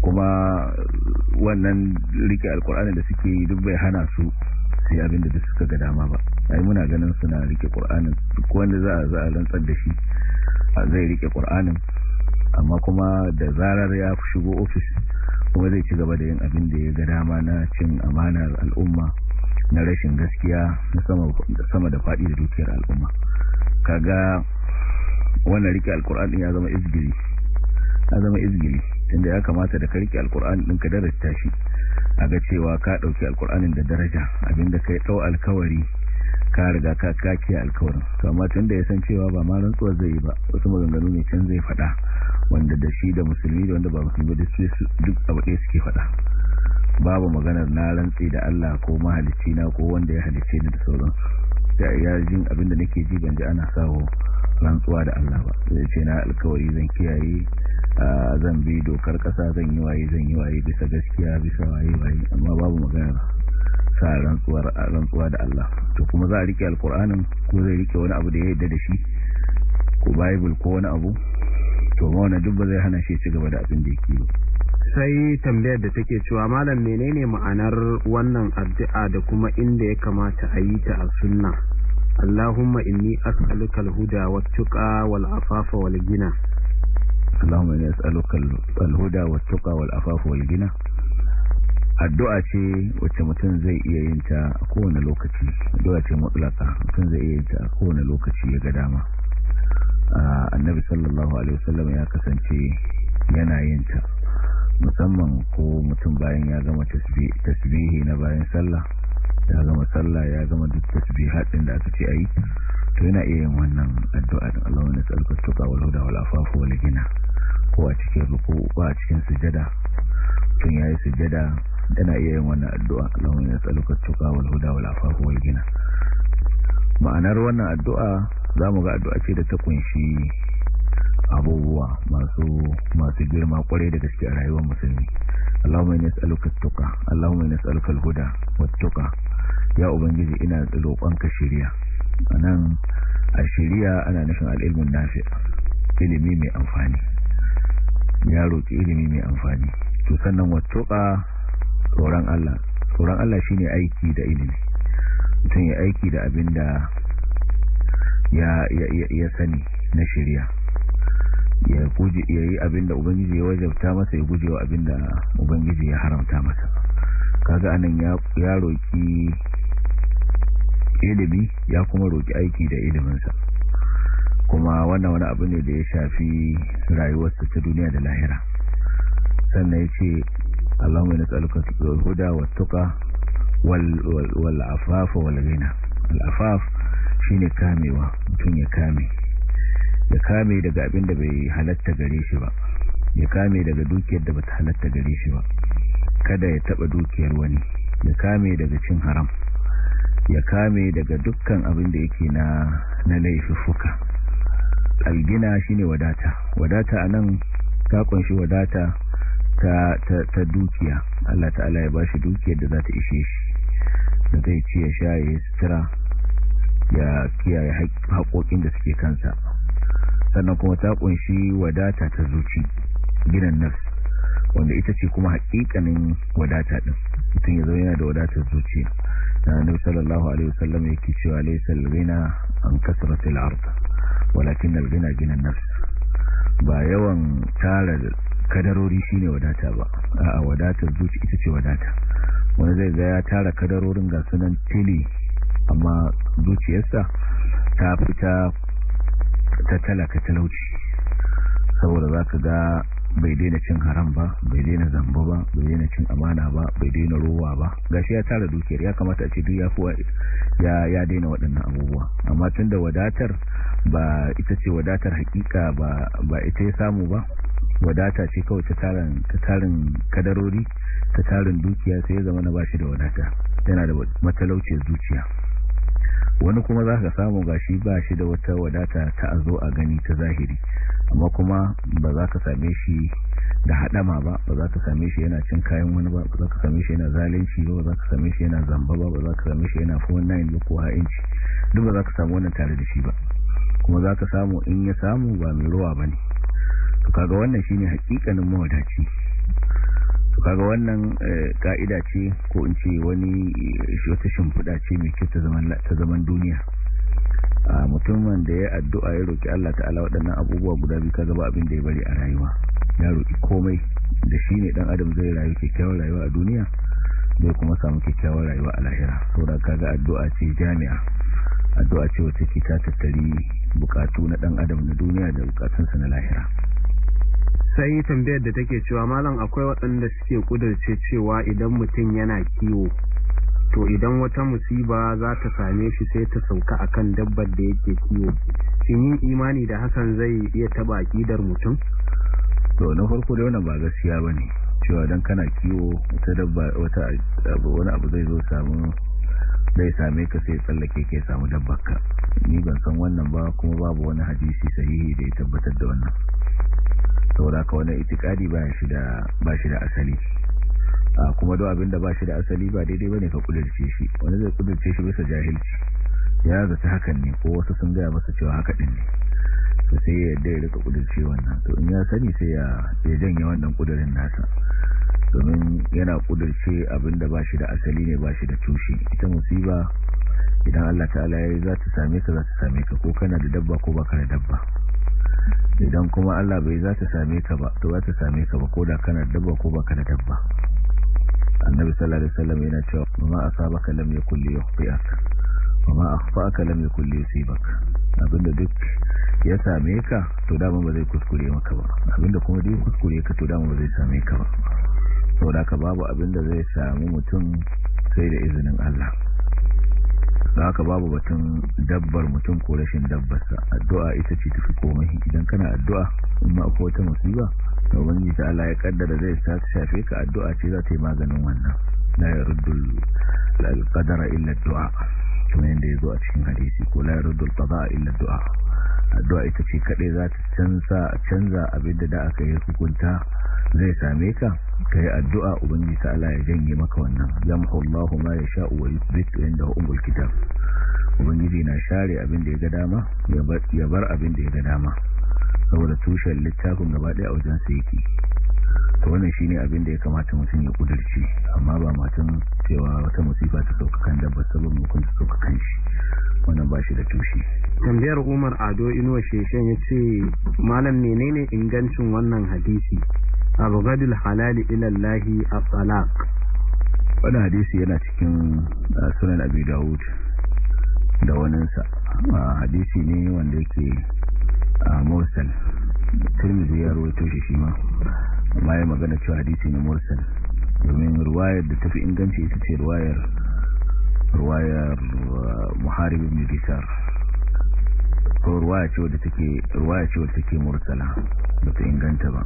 kuma wannan rike alkur'ani da suke duk bai hana su su yi abin da duk suka ga dama ba ai muna ganin suna rike qur'anin duk wanda za a za rantsar da shi zai rike qur'anin amma kuma da zarar ya shigo ofis kuma zai ci gaba da yin abin da ya ga dama na cin amanar al'umma na rashin gaskiya na sama da faɗi da dukiyar al'umma kaga wannan rike alkur'an ya zama izgiri ya zama tunda ya kamata da ka rike alkur'an ɗin ka darasta shi a ga cewa ka ɗauki alkur'anin da daraja abinda kai ɗau alkawari ka riga ka kake alkawarin to amma tun da ya san cewa ba ma rantsuwar zai yi ba wasu maganganu ne can zai faɗa wanda da shi da musulmi da wanda ba musulmi da su duk abu ɗaya suke faɗa babu maganar na rantsi da Allah ko mahalicci na ko wanda ya halicce ni da sauran da ya jin abin da nake ji ban ji ana sawo rantsuwa da Allah ba zai ce na alkawari zan kiyaye zan bi dokar kasa zan yi waye zan yi waye bisa gaskiya bisa waye waye amma babu magana sa rantsuwar rantsuwa da Allah to kuma za a rike alkur'ani ko zai rike wani abu da ya yadda da shi ko bible ko wani abu to ma wannan duk ba zai hana shi cigaba da abin da yake ba sai tambayar da take cewa malam menene ma'anar wannan addu'a da kuma inda ya kamata a yi ta a sunna Allahumma inni as'aluka al-huda wat-tuqa wal-afafa wal-ghina Allahumma inni as'aluka al-huda wat-tuqa addu'a ce wacce mutum zai iya yin ta a kowane lokaci addu'a ce mutlaka mutum zai iya yin ta a kowane lokaci ya ga dama annabi sallallahu alaihi wasallam ya kasance yana yin ta musamman ko mutum bayan ya gama tasbihi na bayan sallah ya gama sallah ya gama duk tasbihat din da aka ce ayi to yana iya yin wannan addu'a da Allah wani tsalka tuka wa lauda wa lafafu wa gina ko a cikin ruku ko a cikin sujada tun yayi sujada yana iya yin wannan addu'a Allah wani tsalka tuka wa lauda wa lafafu wa gina ma'anar wannan addu'a za mu ga addu'a ce da ta kunshi abubuwa masu masu girma kwarai da gaske a rayuwar musulmi Allahumma inni as'aluka at-tuqa Allahumma inni as'aluka al-huda wat-tuqa ya ubangiji ina roƙonka shiriya anan a shari'a ana nufin al'ilmin nafi ilimi mai amfani ya roƙi ilimi mai amfani to sannan wattuka tsoron Allah tsoron Allah shine aiki da ilimi mutum ya aiki da abin da ya sani na shari'a ya guji ya yi abin da ubangiji ya wajabta masa ya guje wa abin da ubangiji ya haramta masa kaga anan ya roƙi ilimi ya kuma roƙi aiki da iliminsa kuma wannan wani abu ne da ya shafi rayuwarsa ta duniya da lahira sannan ya ce allahumma na tsaluka huda wa tuka wal al'afaf shi ne kamewa mutum ya kame ya kame daga abin da bai halatta gare shi ba ya kame daga dukiyar da bata halatta gare shi ba kada ya taba dukiyar wani ya kame daga cin haram ya kame daga dukkan abin da yake na na laifuka algina shine wadata wadata anan ta kunshi wadata ta ta, ta dukiya Allah ta'ala ya bashi dukiyar da za ta ishe shi da zai ci ya sha ya sutura ya kiyaye haƙoƙin da suke kansa sannan kuma ta kunshi wadata ta zuci ginan nafs wanda ita ce kuma haƙiƙanin wadata ɗin mutum ya zo yana da wadatar zuciya da annabi sallallahu alaihi wasallam yake cewa laysal ghina an kasratil ard walakin al ghina gina nafs ba yawan kadarori shine wadata ba a'a wadatar zuci ita ce wadata wani zai ga ya tara kadarorin ga sunan tili amma zuciyarsa ta fita ta talaka talauci saboda zaka ga bai daina cin haram ba bai daina zamba ba bai daina cin amana ba bai daina rowa ba gashi ya tara dukiyar ya kamata a ce duk ya ya ya daina waɗannan abubuwa amma tunda wadatar ba ita ce wadatar hakika ba ba ita ya samu ba wadata ce kawai ta tarin ta tarin kadarori ta tarin dukiya sai ya zama na bashi da wadata yana da matalauciyar zuciya wani kuma za ka samu gashi ba shi da wata wadata ta azo a gani ta zahiri amma kuma ba za ka same shi da haɗama ba ba za ka same shi yana cin kayan wani ba ba za ka same shi yana zalunci ba ba za ka same shi yana zamba ba ba za ka same shi yana fowon ko ha'inci duk ba za ka samu wannan tare da shi ba kuma za ka samu in ya samu ba mai ruwa ba ne to kaga wannan shine hakikanin mawadaci kaga wannan eh, ka'ida ce ko in ce wani eh, wata shimfiɗa ce mai kyau ta zaman duniya a mutumin da ya addu'a ya roƙi Allah ta'ala waɗannan abubuwa guda biyu kaga ba abin da ya bari a rayuwa ya roƙi komai da shi ne ɗan adam zai rayu kyakkyawar rayuwa a duniya zai kuma samu kyakkyawar rayuwa a lahira ka kaga addu'a ce jami'a addu'a ce wacce ke ta tattari bukatu na dan adam na duniya da bukatunsa na lahira sai tambayar da take cewa malam akwai waɗanda suke kudurce cewa idan mutum yana kiwo to idan wata musiba za ta same shi sai ta sauka akan dabbar da yake kiwo shin yin imani da hasan zai iya taba akidar mutum to na farko da wannan ba gaskiya bane cewa dan kana kiwo wata dabba wani abu zai zo samu zai same ka sai tsallake ke samu dabbarka ni ban san wannan ba kuma babu wani hadisi sahihi da ya tabbatar da wannan saboda ka wani itikadi ba shi da ba shi asali kuma duk abin da ba shi da asali ba daidai bane ka kudurce shi wani zai kudurce shi bisa jahilci ya zata hakan ne ko wasu sun gaya masa cewa haka din ne to sai ya yarda ya rika kudirce wannan to in ya sani sai ya ya janye wannan kudurin nasa domin yana kudurce abin da ba shi da asali ne ba shi da tushe ita musiba idan Allah ta'ala ya za ta same ka za ta same ka ko kana da dabba ko baka da dabba idan kuma Allah bai za ta same ka ba to za ta same ka ba ko da kana dabba ko ba kana dabba annabi sallallahu alaihi wasallam yana cewa ma asabaka lam yakul yukhti'ak wa ma akhfa'aka lam yakul yusibak abinda duk ya same ka to dama ba zai kuskure maka ba abinda kuma dai kuskure ka to dama ba zai same ka ba saboda ka babu abinda zai samu mutum sai da izinin Allah da haka babu batun dabbar mutum ko rashin dabbarsa addu'a ita ce tafi komai idan kana addu'a in ma akwai wata musiba to wani ta Allah ya kaddara zai sa ta shafe ka addu'a ce za ta yi maganin wannan la yaruddu al-qadara illa ad-du'a kuma yanda yazo a cikin hadisi ko la yaruddu al-qada'a illa ad-du'a addu'a ita ce kaɗai za ta canza canza abinda da aka yi hukunta zai same ka kai addu'a ubangi ta Allah ya janye maka wannan yamhu Allahu ma yasha'u wa yuthbit inda umul kitab ubangiji na share abin da ya ga dama ya bar abin da ya ga dama saboda tushen littafin gaba ɗaya a wajen sa yake to wannan shine abin da ya kamata mutum ya kudirce amma ba matan cewa wata musifa ta sauka kan dabbar sabon mukun ta sauka kan shi wannan ba shi da tushe tambayar umar ado inuwa sheshen ya ce malam menene ingancin wannan hadisi abgadul halali ilallahi a talaq wannan hadisi yana cikin ah, sunan abu da'ud da waninsa ah, hadisi ne wanda yake a ah, mursal turmizi ya rawaito shi shi ma amma magana cewa hadisi ne mursal domin ruwayar da tafi inganci ita ce ruwayar ruwayar muharib ibn ko ruwaya ce wadda take ruwaya ce wadda take mursala bata inganta ba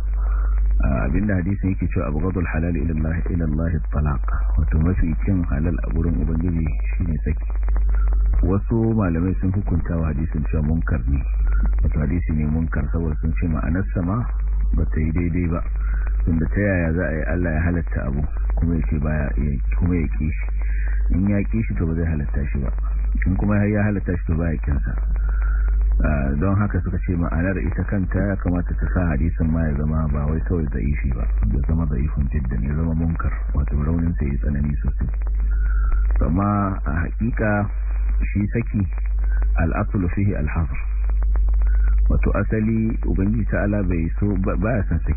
abinda hadisin yake cewa abghadul halal ila Allah ila Allah talaq wato mafi cin halal a gurin ubangiji shine saki wasu malamai sun hukunta wa hadisin cewa munkar ne wato hadisi ne munkar saboda sun ce ma'anar sama ba ta yi daidai ba tunda ta yaya za a yi Allah ya halatta abu kuma yake baya kuma ya kishi in ya kishi to ba zai halatta shi ba in kuma ya halatta shi to ba ya kinsa Eh, don haka suka ce ma'anar ita kanta ya kamata ta sa hadisin ma ya zama ba wai kawai da ishi ba ya zama da ifin jiddan ya zama munkar wato raunin sai ya tsanani sosai amma a hakika shi saki al'asul fihi wato asali ubangiji ta'ala bai so baya san saki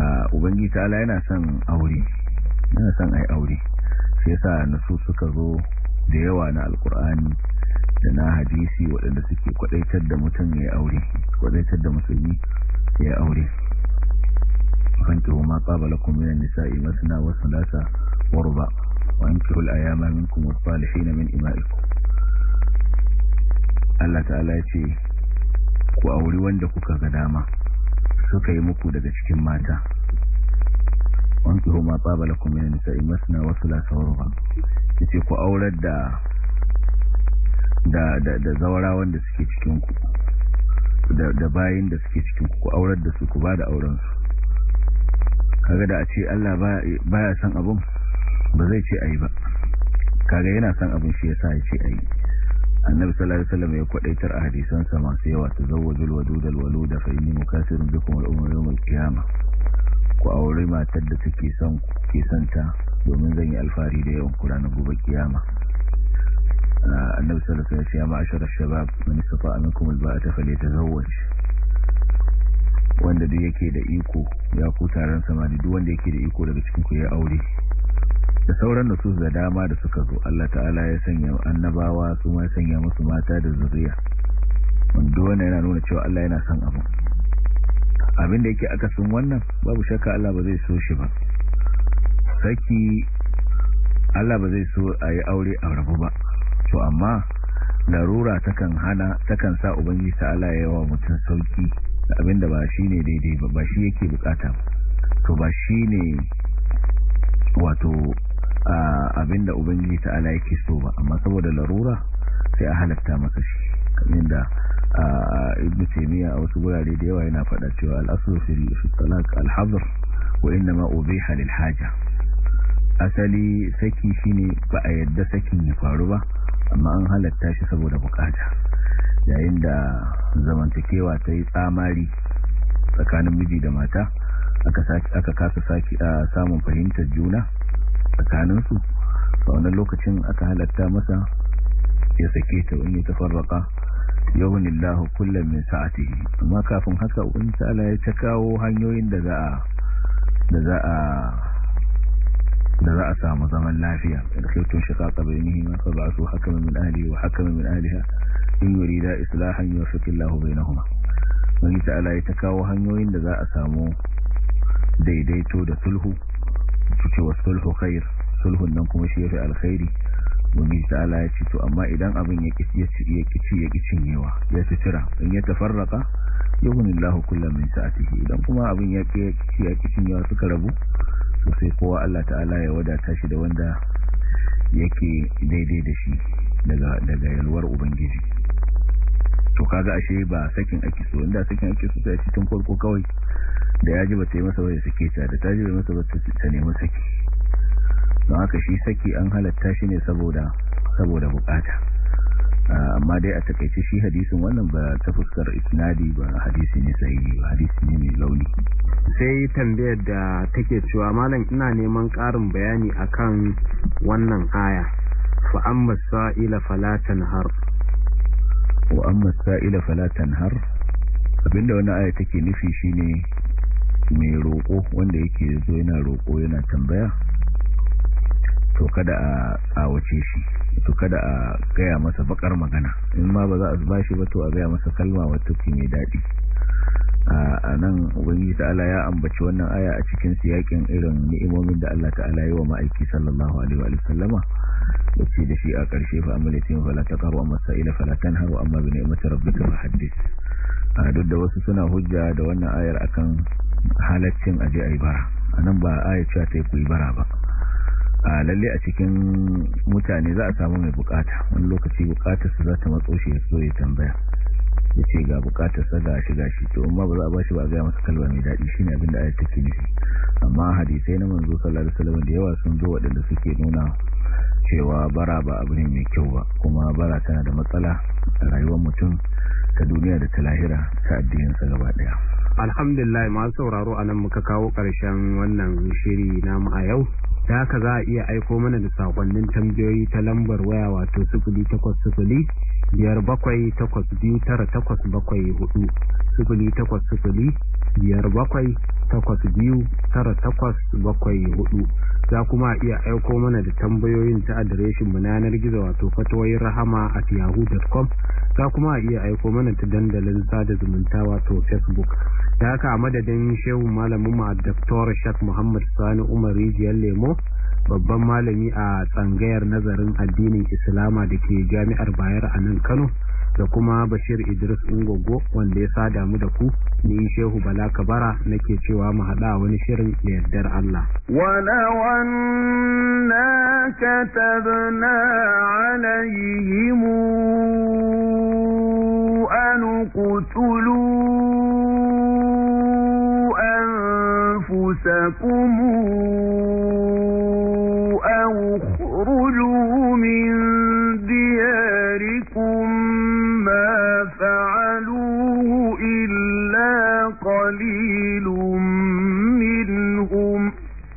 eh, ubangiji ta'ala yana son aure yana san ai aure sai yasa nasu suka zo da yawa na alkur'ani da na hadisi waɗanda suke kwadaitar da mutum ya aure kwadaitar da musulmi ya aure fankihu ma qabalakum minan nisa'i masna wa thulatha wa ruba wa ankihu al-ayama minkum was na min ima'ikum Allah ta'ala ya ce ku auri wanda kuka ga dama suka yi muku daga cikin mata wankihu ma qabalakum minan nisa'i masna wasu lasa wa ruba ce ku aurar da da da da zawara wanda suke cikin ku da da bayin da suke cikin ku aurar da su ku ba da auren su kaga da a ce Allah baya son abun ba zai ce ayi ba kaga yana son abun shi yasa ya ce ayi annabi sallallahu alaihi wasallam ya kwadaitar a hadisan sa masu yawa ta tazawwajul al walud fa inni mukasirun bikum al umur yawm al-qiyamah ku aure matar da take son ku ke santa domin zan yi alfari da yawan ku gobe kiyama annabi sallallahu alaihi wasallam ya ma'ashara shabab man istata'a minkum alba'ata falyatazawwaj wanda duk yake da iko ya ku taron samari duk wanda yake da iko daga cikin ku ya aure da sauran nusus da dama da suka zo Allah ta'ala ya sanya annabawa su ma sanya musu mata da zuriya wanda wannan yana nuna cewa Allah yana son abu abin da yake aka sun wannan babu shakka Allah ba zai so shi ba saki Allah ba zai so a yi aure a rabu ba to amma larura takan hana takan sa ubangiji ta'ala ya yawa mutum sauki abinda ba shi ne daidai ba ba shi yake bukata to ba shi ne wato abinda ubangiji ta'ala yake so ba amma saboda larura sai a halatta masa shi kamar da ibn taymiya a wasu gurare da yawa yana faɗa cewa al-aslu fi talaq al-hadr wa inma ubiha lil haja asali saki shine ba a yadda sakin ya faru ba amma an halatta shi saboda bukata yayin da zamantakewa ta yi tsamari tsakanin miji da mata aka kasa saki a samun fahimtar juna tsakaninsu a wannan lokacin aka halatta masa ya sake ta wani ta farraka yawon lahu kullum mai sa'ati amma kafin haka wani tsala ya ta kawo hanyoyin da za a da za a samu zaman lafiya da khiltun shiqaqa bainihima fa ba'athu hakaman min ahlihi wa hakaman min ahliha in yurida islahan yuwaffiq Allahu bainahuma wani ta'ala ya ta kawo hanyoyin da za a samu daidaito da sulhu suke wa sulhu khair sulhun nan kuma shi fi alkhairi wani ta'ala ya ce to amma idan abin ya kici ya kici ya kicin yawa ya fitira in ya tafarraka yuhunillahu kullam min sa'atihi idan kuma abin ya kici ya kicin yawa suka rabu sai kowa Allah ta'ala ya wadata shi da wanda yake daidai da shi daga yalwar ubangiji to kaga ashe ba sakin ake so inda sakin ake so sai tun farko kawai da ya ji ba ta yi masa wani sake ta da ta ji masa ba ta nemi saki don haka shi saki an halatta shi ne saboda saboda bukata amma dai a takaice shi hadisin wannan ba ta fuskar isnadi ba hadisi ne sai hadisi ne mai launi sai tambayar da take cewa malam ina neman ƙarin bayani akan wannan aya fa amma sa'ila fala tanhar wa amma sa'ila fala tanhar abinda wannan aya take nufi shine mai roƙo wanda yake zo yana roƙo yana tambaya to kada a tsawace shi to kada a gaya masa bakar magana in ma ba za a ba ba to a gaya masa kalma wata ke mai daɗi a nan ubangiji ta'ala ya ambaci wannan aya a cikin siyakin irin ni'imomin da Allah ta'ala yi wa ma'aiki sallallahu alaihi wa sallama yace da shi a ƙarshe fa amma latin fala taqaru amma sa'ila fala tanharu amma bi ni'mati rabbika hadith a duk da wasu suna hujja da wannan ayar akan halaccin aje ayi bara anan ba aya cewa ta yi bara ba a lalle a cikin mutane za a samu mai bukata wani lokaci su za ta matso shi ya so ya tambaya ya ce ga sa ga shiga shi to amma ba za a ba shi ba a gaya masa kalba mai daɗi shine abin da ayyata ke nufi amma hadisai na manzo sallallahu alaihi wasallam da yawa sun zo waɗanda suke nuna cewa bara ba abu ne mai kyau ba kuma bara tana da matsala a rayuwar mutum ta duniya da ta lahira ta addininsa gaba ɗaya alhamdulillah masu sauraro a nan muka kawo ƙarshen wannan shiri namu a yau da haka za a iya aiko mana da sakonnin tambayoyi ta lambar waya wato takwas 0800 biyar bakwai takwas biyu tara takwas bakwai hudu sukuli takwas sukuli biyar bakwai takwas biyu tara takwas bakwai hudu za kuma iya aiko mana da tambayoyin ta adireshin mu gizo wato fatawoyin rahama at yahoo.com za kuma iya aiko mana ta dandalin sada zumunta wato facebook da haka a madadin shehu malamin mu a shak muhammad sani umar rijiyar lemo babban malami a tsangayar nazarin addinin islama da ke jami'ar bayar a nan kano da kuma bashir idris ungogo wanda ya sada mu da ku ni shehu bala kabara nake cewa mu hada wani shirin da yardar Allah walaw anna an